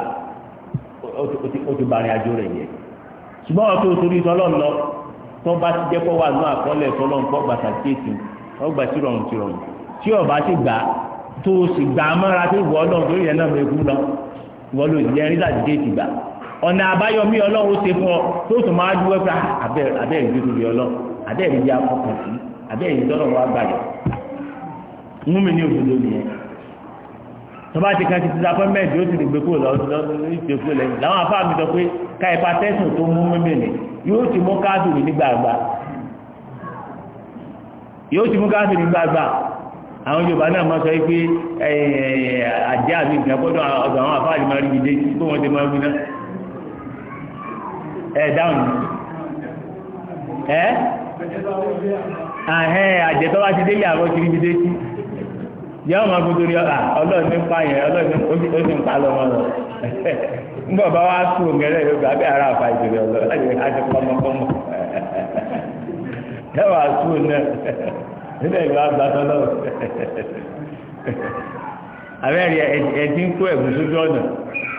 ó ti bàrìn àjò rẹ̀ yẹ ṣùgbọ́n wọn tó torí tọ́lọ́n lọ tó bá ti jẹ́ kó wà ní àkọọ́lẹ̀ tọ́lọ́n kọ́ gba sàtífíkẹ́tì ó gbà tìrọ̀rùn tìrọ̀rùn tí ọba ti gbà tó sì gbà á mọ́ra tó wọ́ ọlọ́run torí yẹn náà mẹ́kú lọ wọ́n ló jẹ́ rí sàtífíkẹ́tì gbà ọ̀nà àbáyọmí ọlọ́run ṣe fún ọ tó àbẹ́yìn tọ́lọ̀ wá gbàdọ̀ mú mi ní òdodo nìyẹn tọba ti kan ti ti dapẹ mẹẹdi o ti di gbẹkú lọ ìdèkú lẹ́yìn làwọn afáàmì sọ pé ká ipa tẹsán tó mú mímìlì yóò ti mú káàdùn ní gbàgbà yóò ti mú káàdùn ní gbàgbà àwọn Yorùbá náà máa sọ pé àjẹ àbí ìgbà gbọ́dọ̀ ọ̀dọ̀ àwọn afáàmì máa rí gidi tó wọn ti máa wí náà ẹ dáhùn ẹ. àhẹ́ àjẹtọ́ bá ti délé àbọ̀ kiri bídé sí yẹ ọmọ agodo rí ọ̀la ọlọ́run ní pa yẹn ọlọ́run ní pa lọ bá wá sùn yóò gbà bí ara àfa ìdòdò ọlọ́run láti pọ́nmọ́pọ́nmọ́ ẹ wàá sùn náà nílẹ̀ ìlú àgbàtọ́ náà abẹ́rẹ́ ẹ̀dín kó ẹ̀gùn sójú ọ̀nà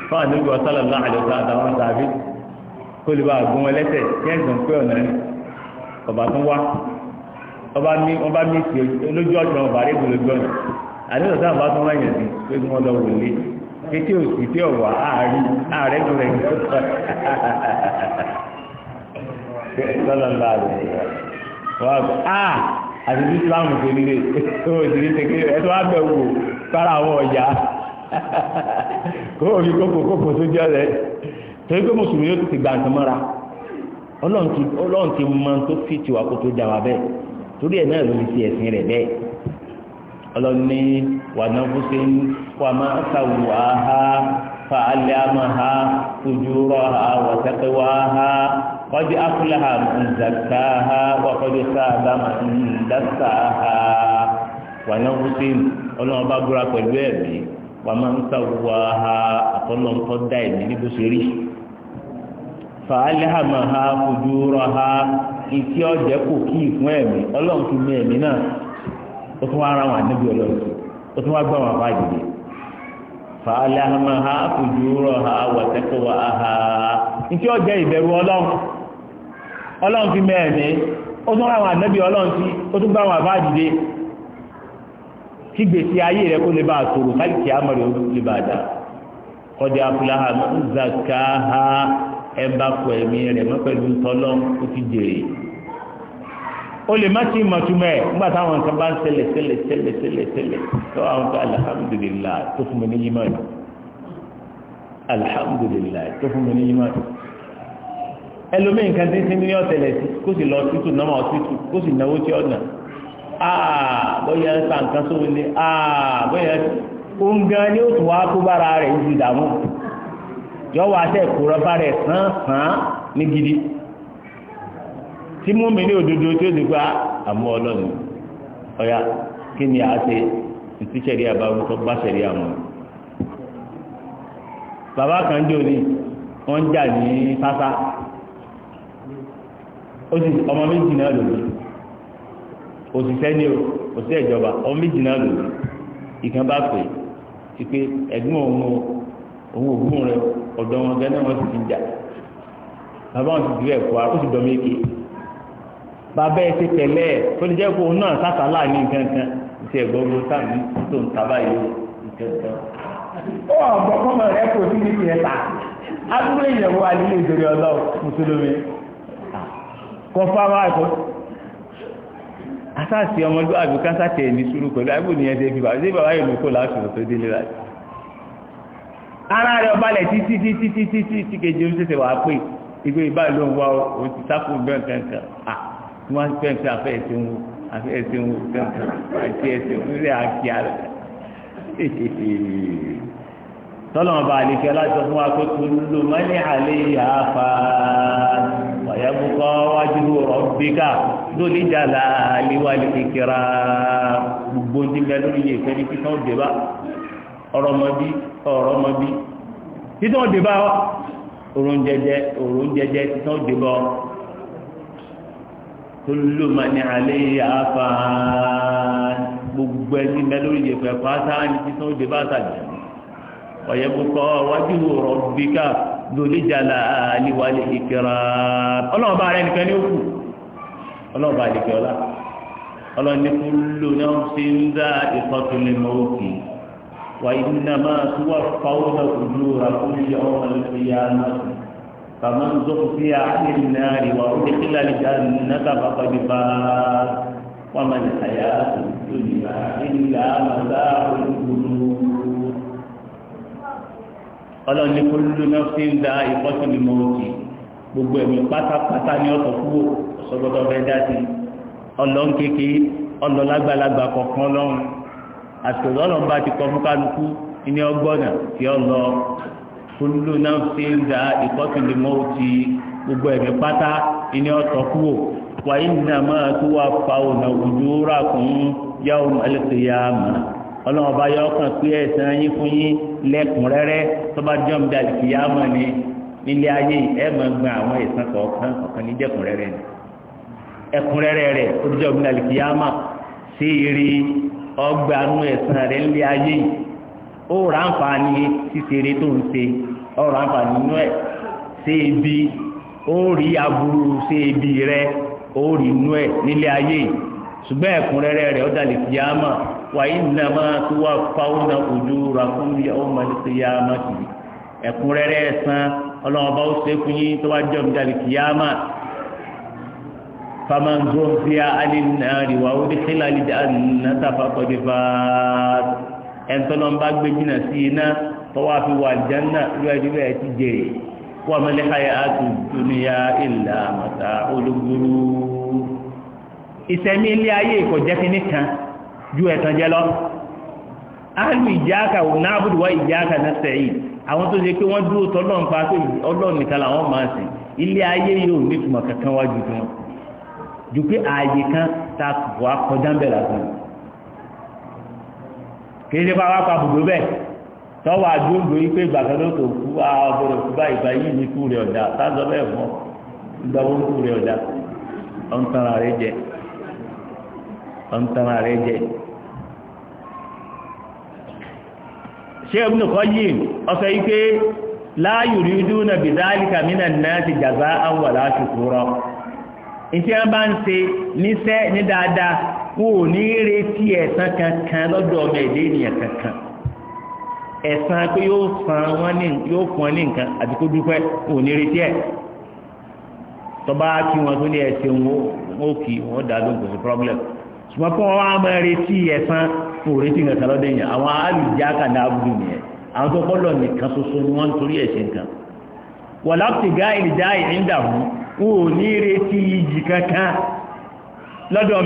fún àdúgbò ọ̀sálọ̀ náà àlọ́sọ àtàwọn ọba mìtì lójú ọ̀nà ọba rẹ́gùn lójú ọ̀nà àdéhùn sáà bá tún wáyé sí pé kí wọ́n lọ wò lé kété òsì tí ọ̀wà ààrí ààrẹ tó rẹ̀ sọ́lọ́ ńlá rẹ̀ wọ́n á ah, àti bí islamu ṣe nílé ó sì ní tẹ̀kẹ́ ẹ̀ tó wá bẹ̀ wò sára àwọn ọ̀yà kó o fi kókò kókò sójú ọ̀rẹ́ torí pé mùsùlùmí ó ti gbà ń sọmọ́ra ọlọ́run ti mọ tó fi tiwa kó tó dà bẹ́ẹ̀ torí ẹ̀ náà ló fi ti ẹ̀sìn rẹ̀ bẹ́ẹ̀ ọlọ́ni wànáfúnṣe ń wà máa kàwù àhá fa alẹ́ àmà ha ojú rọ̀ ha wọ̀tẹ́pẹ́ wá ha kọ́dí afúláhà ǹzàkà ha wọ́kọ́dí sáàbà ǹdàkà ha wànáfúnṣe ọlọ́run bá búra pẹ̀lú ẹ̀mí wà máa kàwù àhá àtọ́lọ́nkọ́ dá ẹ̀mí níbo ṣe rí fa alẹ́ àmà ha ojú rọ̀ ha. nke ọ̀jẹ̀ kò kí ìfún ẹ̀mí ọlọ́run ti mú náà ó tún wá ara wọn àdébí ọlọ́run ó tún wá gbọ́ wọn fà jìbì fàálàmàhà fùjúrọ̀ ha wàtẹ́kọ̀wà ha ìtí ọ̀jẹ̀ ìbẹ̀rù ọlọ́run ọlọ́run ti mú ẹ̀mí a sòrò ẹ bá kọ ẹ̀mí rẹ̀ mọ́ pẹ̀lú tọ́lọ́ ó ti jèrè o lè má ti mọ̀túmọ̀ ẹ̀ nígbà táwọn nǹkan bá ń ṣẹlẹ̀ ṣẹlẹ̀ ṣẹlẹ̀ ṣẹlẹ̀ ṣẹlẹ̀ tó àwọn kan alhamdulillah tó fún mi ní yimá ni alhamdulillah tó fún mi ní yimá ni ẹlòmíì nǹkan tí ń sin ní ọ̀tẹ̀lẹ̀ sí kó sì lọ títù nọ́mọ̀ títù kó sì náwó tí ọ̀nà àà bóyá ń sa nǹkan sówó lé àà bóyá ó ń gan ni ó tún wá kó bára rẹ̀ ń ti dààmú yọ wá sẹ́ kó rọ́bà rẹ̀ sàn sàn ní gidi tí mú mi ní òdodo tí ti gba àmú ọlọ́run ọ̀yà kí ni a ṣe sẹ̀rí bá sẹ̀rí àmọ́ bàbá kan jò ní wọ́n jà ní ó ọmọ méjì náà lòdì òṣìṣẹ́ ni o ọmọ òun òkun rẹ ọ̀dọ̀ wọn gẹ́gẹ́ náà wọ́n sì ti ń jà bàbá wọn sì ti rẹ̀ kó ó sì dọ̀ méke bàbá ẹ ti tẹ̀lé ẹ̀ tó lè jẹ́ kó òun náà sàtàlá ní nǹkankan ti ẹ̀ gbogbo sáàmì tó ń taba yìí nǹkankan. ó wà gbọ́kànmọ́ rẹ̀ kò sí níbi ẹ̀ ta adúlé ìyẹ̀wò àlílé ìdòrí ọlọ́ọ̀ mùsùlùmí kọ́fàmà ẹ̀kọ́ asáàsì ọmọdé àbíkásá tẹ̀ ní sùúrù pẹ̀lú àbúrò nìyẹn ti fi bàbá yìí lóko láti ọ̀tọ̀ délé láti ara rẹ̀ ọbalẹ̀ títí títí títí títí kejì ń ṣẹ̀ṣẹ̀ wàá pè ìgbé ìbá ìlú òun wá òun ti sáfù bẹ́ẹ̀ kankan à tí wọ́n fẹ́ fẹ́ afẹ́ ẹ̀sìn wo afẹ́ ẹ̀sìn wo kankan àti ẹ̀sìn wo rẹ̀ àti àrẹ̀ tọ́lọ́mọ bá àlejò aláṣọ fún wa pé kò ló mẹ́lẹ̀ àlẹ́ yà á fa ọ̀yẹ́bùkọ́ wájú rabbika lórí ìjà láàlíwá lè kékeré gbogbo ní bẹ́ẹ̀ lórí fẹ́ ní kíkan òjò bá ọ̀rọ̀mọbí ọ̀rọ̀mọbí títí wọ́n dé bá òrùn jẹjẹ òrùn jẹjẹ títí wọ́n dé bá ọ tolu mani ale afaan gbogbo ẹni bẹ lórí ìyẹfẹ pátá ní títí wọ́n dé bá sàjẹ ọyẹ kókó wájú rọbíkà lórí jàlá àlìwálé ìkẹrà ọlọ́ọ̀bá rẹ nìkan ní òkú ọlọ́ọ̀bá àdìkẹ́ ọlá ọlọ́ọ̀ni kúlù náà ń sin وإنما توفون أجوركم يوم القيامة فمن زحزح عن النار وأدخل الجنة فقد فاز وما الحياة الدنيا إلا متاع الغرور ọlọ́ni kúlù náà fi ń da ìkọ́sí ni mo ti gbogbo ẹ̀mí pátápátá ní ọ̀tọ̀ kúrò ọ̀sọ́gbọ́dọ̀ fẹ́ dá sí ọlọ́nkeke ọlọ́lágbàlagbà kọ̀ọ̀kan lọ́rùn àsìkò lọ́lọ́run bá ti kọ fún kálukú ní ọgbọ́nà tí ó lọ náà fi ń da ti gbogbo ẹ̀mí pátá ní ọ̀tọ̀ kúrò wàyí tó wà fa òjò rà fún yọ ọkàn pé ẹ̀sán yín fún yín lẹ́kùnrẹ́rẹ́ tó bá ni nílé ayé ẹ̀ àwọn ẹ̀sán kọ̀ọ̀kan ọgbà nu ẹ̀sán rẹ̀ ńlẹ̀ ayé yìí ó rà àǹfààní ṣíṣeré tó ń ṣe ó rà àǹfààní ẹ̀ ṣe ibi ó rí aburú ṣe ibi rẹ ó rí inú ẹ̀ nílé ayé yìí ṣùgbọ́n ẹ̀kúnrẹ́rẹ́ rẹ̀ ó dàlẹ̀ kíyàmá wà innama tuwaffawna ujurakum yawmal qiyamati ẹ̀kúnrẹ́rẹ́ ẹ̀san ọlọ́run ó ṣe fún yín tó فمن زهزها عن النار وأدخل الجنة فقد فاز ẹ̀ntọ́ lọ ń bá gbé jìnà sí iná tọ́wọ́ fi wà jẹ́nà rẹ́rẹ́ ti jèrè wọ́n mẹ́lẹ́kàyà àti dúníyà ìlà àmàtà olúgbúrú ìsẹ̀mí ilé ayé ìkọ̀jẹ́ kí nìkan ju ẹ̀tàn jẹ́ lọ áàlù ìjáàkà ò náà bùdù wá ìjáàkà náà sẹ́yìn àwọn tó ṣe pé wọ́n dúró tọ́lọ́ǹpa pé ọlọ́ọ̀nìkan làwọn máa sìn ilé ayé yóò nítumọ̀ kankan wájú fún wọn ju pé ààyè kan ta wà kọjá ń bẹ̀ lásán kìí ṣe pàápàá pa bùdó bẹ́ẹ̀ tọ́wọ́ àdúgbò yìí pé ìgbàkan ló tó kú àbọ̀rọ̀ kú bá ìgbà yìí ní kú rẹ̀ ọ̀dà sáńsọ bẹ́ẹ̀ mọ́ ìgbà kú rẹ̀ ọ̀dà ọ̀ǹtara rẹ̀ jẹ ọ̀ǹtara rẹ̀ jẹ. ṣé ibùdó kọ́ yìí ọ̀sẹ̀ yìí pé láàyò rí dúnà bìdálì kàmínà náà ti jàzá àwọn àlàáṣù kúrọ̀. ìtí wọn bá ń ṣe níṣẹ́ ní dáadáa wọn ò ní retí kankan lọ́dọ̀ ọmọ èdè ènìyàn kankan ẹ̀san pé yóò wọn ní yóò fún ọ ní nǹkan àti kó dúpẹ́ wọn ní retí ẹ̀ tọ́ba wọn tó ní wọn wọn lóhùn problem ṣùgbọ́n wá retí wọn ò retí nǹkan lọ́dọ̀ ènìyàn àwọn alùjá kàdá àwọn tó kọ́ lọ nìkan ṣoṣo ni wọ́n ń torí nǹkan O ò ní retí ìjì kankan lọ́dọ̀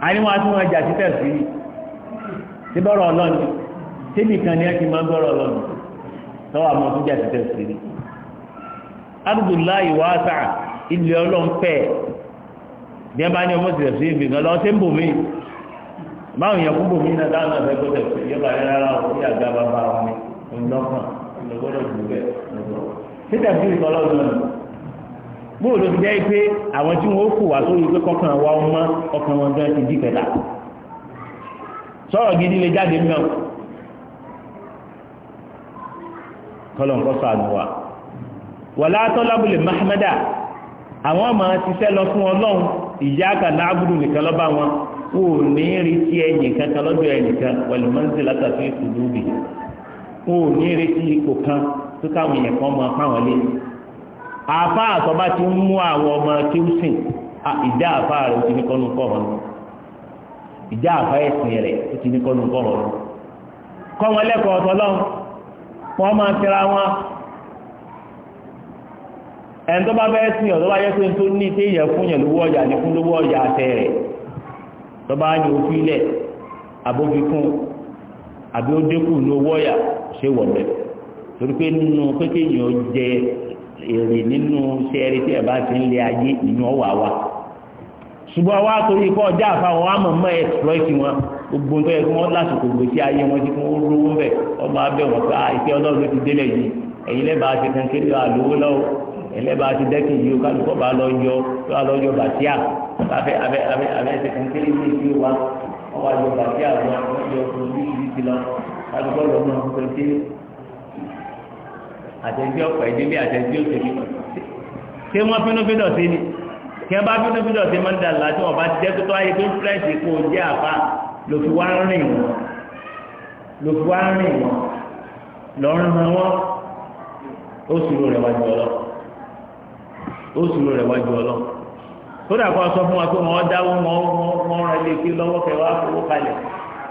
a ní wọ́n á tún wọn títẹ̀ sí i tí bọ́rọ̀ ọlọ́ni tí ni ẹ máa bọ́rọ̀ ọlọ́ni tọ́wọ́ àmọ́ tún jà títẹ̀ sí wasa ilé ọlọ́mpẹ́ bí ní ọmọ sí lọ sí bòmí báwọn èèyàn kú bòmí náà dáhùn náà fẹ́ gbọ́dọ̀ sí rárá títẹ̀ sí ìtọ́lọ́dún bóò ló ti jẹ́ pé àwọn tí wọ́n kù wá sórí pé kọ́kàn wa ọmọ ọkàn wọn gan ti gidi lè jáde mọ́ kọ́lọ̀ ń kọ́ sọ àgbọ̀wà wàlá mahamada àwọn ọmọ ti sẹ́ lọ fún ọlọ́run ìyá kàná nìkan lọ́ba wọn wò ní kankan lọ́dọ̀ ní ipò kan tó káwọn èèyàn kan mọ fáwọn lé àfa àsọba ti ń mú àwọn ọmọ tí ìjà àfa rẹ ó ti ní kọ́nù kọ́ ọ̀hún ìjà ẹ̀sìn ó ti ní kọ́nù kọ́ kọ́ wọn lẹ́kọ̀ọ́ ọ̀tọ́lọ́n wọ́n máa tẹ́ra wọn tó bá bẹ́ẹ̀ sìn bá yẹ tó ní tí èèyàn fún yẹn torí pé nínú pé kéèyàn jẹ èrè nínú sẹ́ẹ̀rì tí ẹ̀ ti ń lé ayé ìyún wa ṣùgbọ́n wá torí ikọ́ ọjà àfàwọn wa mọ̀ mọ́ wọn gbogbo nǹkan yẹ kí wọ́n lásìkò gbèsè ayé wọn tí wọ́n rówó bẹ̀ ọmọ abẹ́ wọn pé ìfẹ́ ah, ọlọ́run ti délẹ̀ yìí ẹ̀yin ti kan àlówó lọ́wọ́ ẹ̀yin ti yìí kálukọ́ bá lọ lọ yọ bàtíà abẹ́ abẹ́ abẹ́ abẹ́ ti kan àtẹ̀jẹ́ ọ̀pọ̀ ìdílé àtẹ̀jẹ́ òṣèlú ṣé wọ́n fínú fínú sí ni kí wọ́n bá fínú fínú sí máa ń dà láti wọ́n bá ti jẹ́ tó ayé tó ń fẹ́ẹ̀sì kó jẹ́ àfa ló fi wá rìn wọ́n ló fi wá rìn wọ́n lọ́rùn wọn ó sùúrù rẹ̀ wájú ọlọ́ ó sùúrù rẹ̀ wájú ọlọ́ kódà kó sọ fún wa pé wọ́n dáwó wọn rẹ̀ lé kí lọ́wọ́ kẹwàá fowó kalẹ̀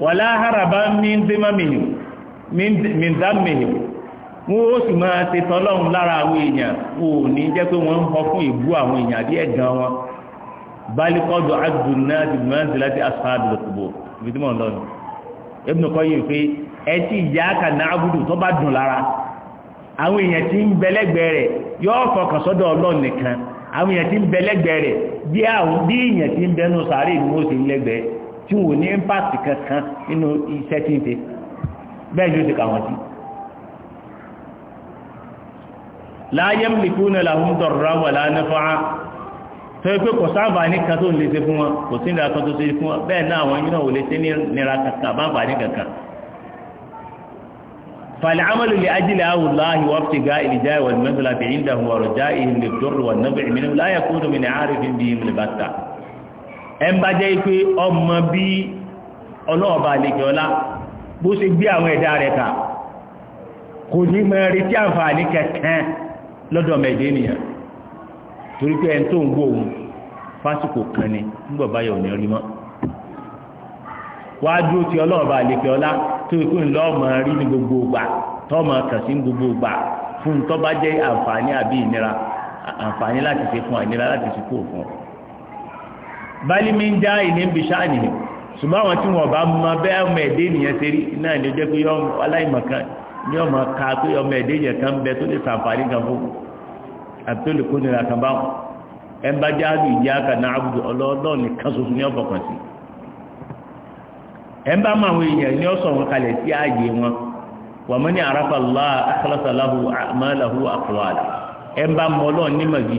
wàlá haraba min zimamihi min zammihi wọ́n ó sì máa ṣe tọ́lọ́run lára àwọn èèyàn ò ní jẹ́ pé wọ́n ń họ fún ìbú àwọn èèyàn àbí ẹ̀gàn wọn balikọ́dù adùnà ti láti asfáàdù lọ́kùbọ̀ ibi tí mò pé ẹ ìyá kà abudu tó bá dùn lára àwọn èèyàn ń rẹ̀ yóò fọkàn sọ́dọ̀ Ọlọ́run nìkan àwọn èèyàn ń rẹ̀ bí èèyàn ń bẹnu sàárè tí wò ní impact kankan nínú iṣẹ́ tí ń ṣe bẹ́ẹ̀ ni ó ti kà wọ́n sí. láyé mìkúnà làwọn dọ̀rọ̀rọ̀ wà lánàfọ́á tó yẹ pé kò sáàbà ní kan tó ń lè ṣe fún wọn kò sí ìlànà tó ṣe fún wọn bẹ́ẹ̀ náà àwọn yìí ò lè ṣe nira kankan àbáǹfà ní kankan. الله وابتغاء الجاه والمثلة عنده ورجائهم للضر والنفع منهم لا يكون من عارف بهم البتة ẹ ń bá jẹ́ pé ọmọ bí ọlọ́ọ̀bá àlejò bó ṣe gbé àwọn ẹ̀dá rẹ̀ kà kò ní àǹfààní kẹ̀kẹ́ lọ́dọ̀ torí pé tó ń fásitì kan ni nígbà ò ti ọlọ́ọ̀bá tó ikú rí ní gbogbo sí gbogbo fún jẹ́ àǹfààní àbí ìnira àǹfààní láti fún àìnira láti bali mi ń já ìní ń bi ṣáàni ni ṣùgbọ́n àwọn tí wọ́n bá mọ bẹ́ẹ̀ ọmọ ẹ̀dẹ́ nìyẹn ṣe rí náà ni ó jẹ́ pé aláìmọ̀kan ni ọmọ ká pé ọmọ ẹ̀dẹ́ kan bẹ tó lè ṣàǹfààní kan fún àti tó lè kó nira kan bá wọn ẹ bá já àlù ìdí àkà náà àbùdù ọlọ́ọ̀lọ́ọ̀ nìkan ṣoṣo ní ọ̀fọ̀kàn sí ẹ bá mọ àwọn èèyàn ní ọ̀sọ̀ wọn kalẹ̀ sí ààyè wọn ní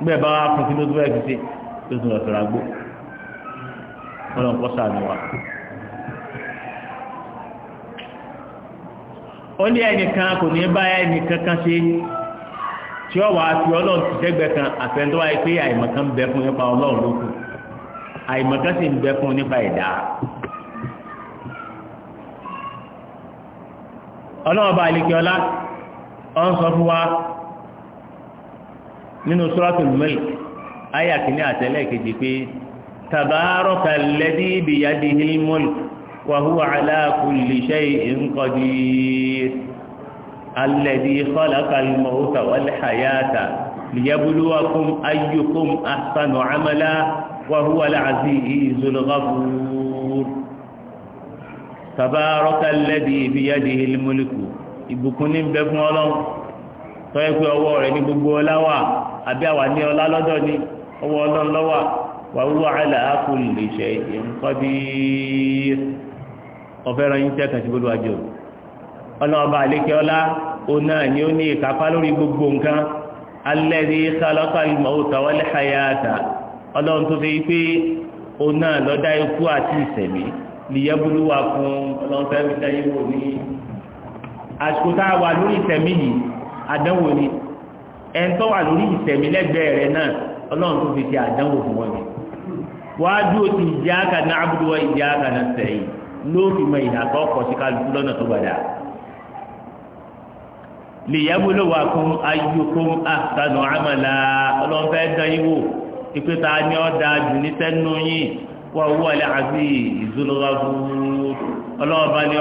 gbẹ bá wà fún kí ló tó fẹ́ fi ṣe tó tún lọ sọ̀rọ̀ agbó ọlọ́run kọ́ sàánú wa. ó ní ẹnìkan kò ní bá ẹnìkan kan ṣe tí ó wà á fi ọlọ́run ti dẹ́gbẹ́ kan àfẹ́ńtọ́ wáyé pé àìmọ̀kan ń bẹ fún nípa ọlọ́run lókù àìmọ̀kan sì ń bẹ fún nípa ẹ̀dá. ọlọ́run bá àlekè ọlá ọ̀ ń sọ fún wa nínú suratul mulk ayé àkíní àtẹ́lẹ̀ kejì pé tabaraka alladhi biyadihil mulk wa huwa ala kulli shay'in qadir alladhi khalaqal mawta wal hayata liyabluwakum ayyukum ahsanu amala wa huwa al-azizul ghafur tabaraka alladhi biyadihil àbí àwa ní ọlá lọ́dọ̀ ni ọwọ́ ọlọ́run lọ́wọ́ wa huwa ala kulli shay'in qadir ọ̀fẹ́ ràn yín tẹ́kàn sí gbogbo àjò ọlọ́ọ̀bá àlékè ọlá òun náà ni ó ní ìkápá lórí gbogbo nǹkan alladhi khalaqa al-mawta wal hayata ọlọ́run tó fi pé òun náà lọ́dá ikú àti ìsẹ̀mí lìyẹ́bùlúwà fún ọlọ́run fẹ́ẹ́ fi dáyé wò ní àsìkò tá a wà lórí ìsẹ̀mí yìí àdánwò ni. ẹ̀ńtọ́ wà lórí ìsẹ̀mí lẹ́gbẹ̀ẹ́ rẹ̀ náà ọlọ́run tó fi ṣe àdánwò fún wọn wájú ó ti ìjà kaná abúlé wa ìjà kaná sẹ́yìn ló fi mọ ìdàkọ́ ọkọ̀ lọ́nà tó gbàdá lìyẹ́bùlò wà kún ayyukum ahsanu ọlọ́run fẹ́ dán yín wò ta ni ọ́ da jù ní sẹ́nu yín wà alẹ́ ọlọ́run bá ní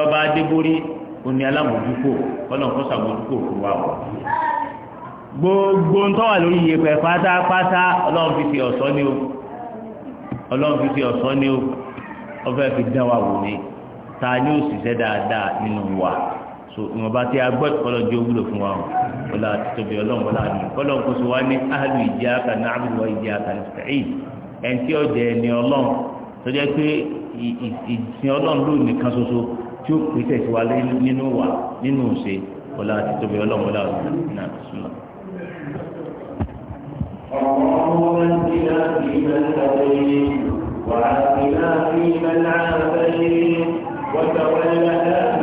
gbogbo ń tọ́wà lórí iyẹ̀pẹ̀ pátápátá ọlọ́run fi fi ọ̀ṣọ́ ni o ọlọ́run fi fi o ọfẹ́ fi dán wa wò ni ta ni ó ṣiṣẹ́ dáadáa nínú wa so ìwọ̀nba tí a gbọ́ ìkọlọ́jọ́ wúlò fún wa ọlá títóbi ọlọ́run wọlá ni ọlọ́run kò sí wa ní ahlu iyyaka na'budu wa iyyaka nasta'in ẹni tí ọjà ẹni ọlọ́run tó jẹ́ pé ìsìn ọlọ́run ló nìkan ṣoṣo tí ó pèsè sí wa nínú wa nínú òṣè ọlá títóbi ọlọ́run wọlá ni náà sùn اللهم اهدنا فيمن هديت وعافنا فيمن عافيت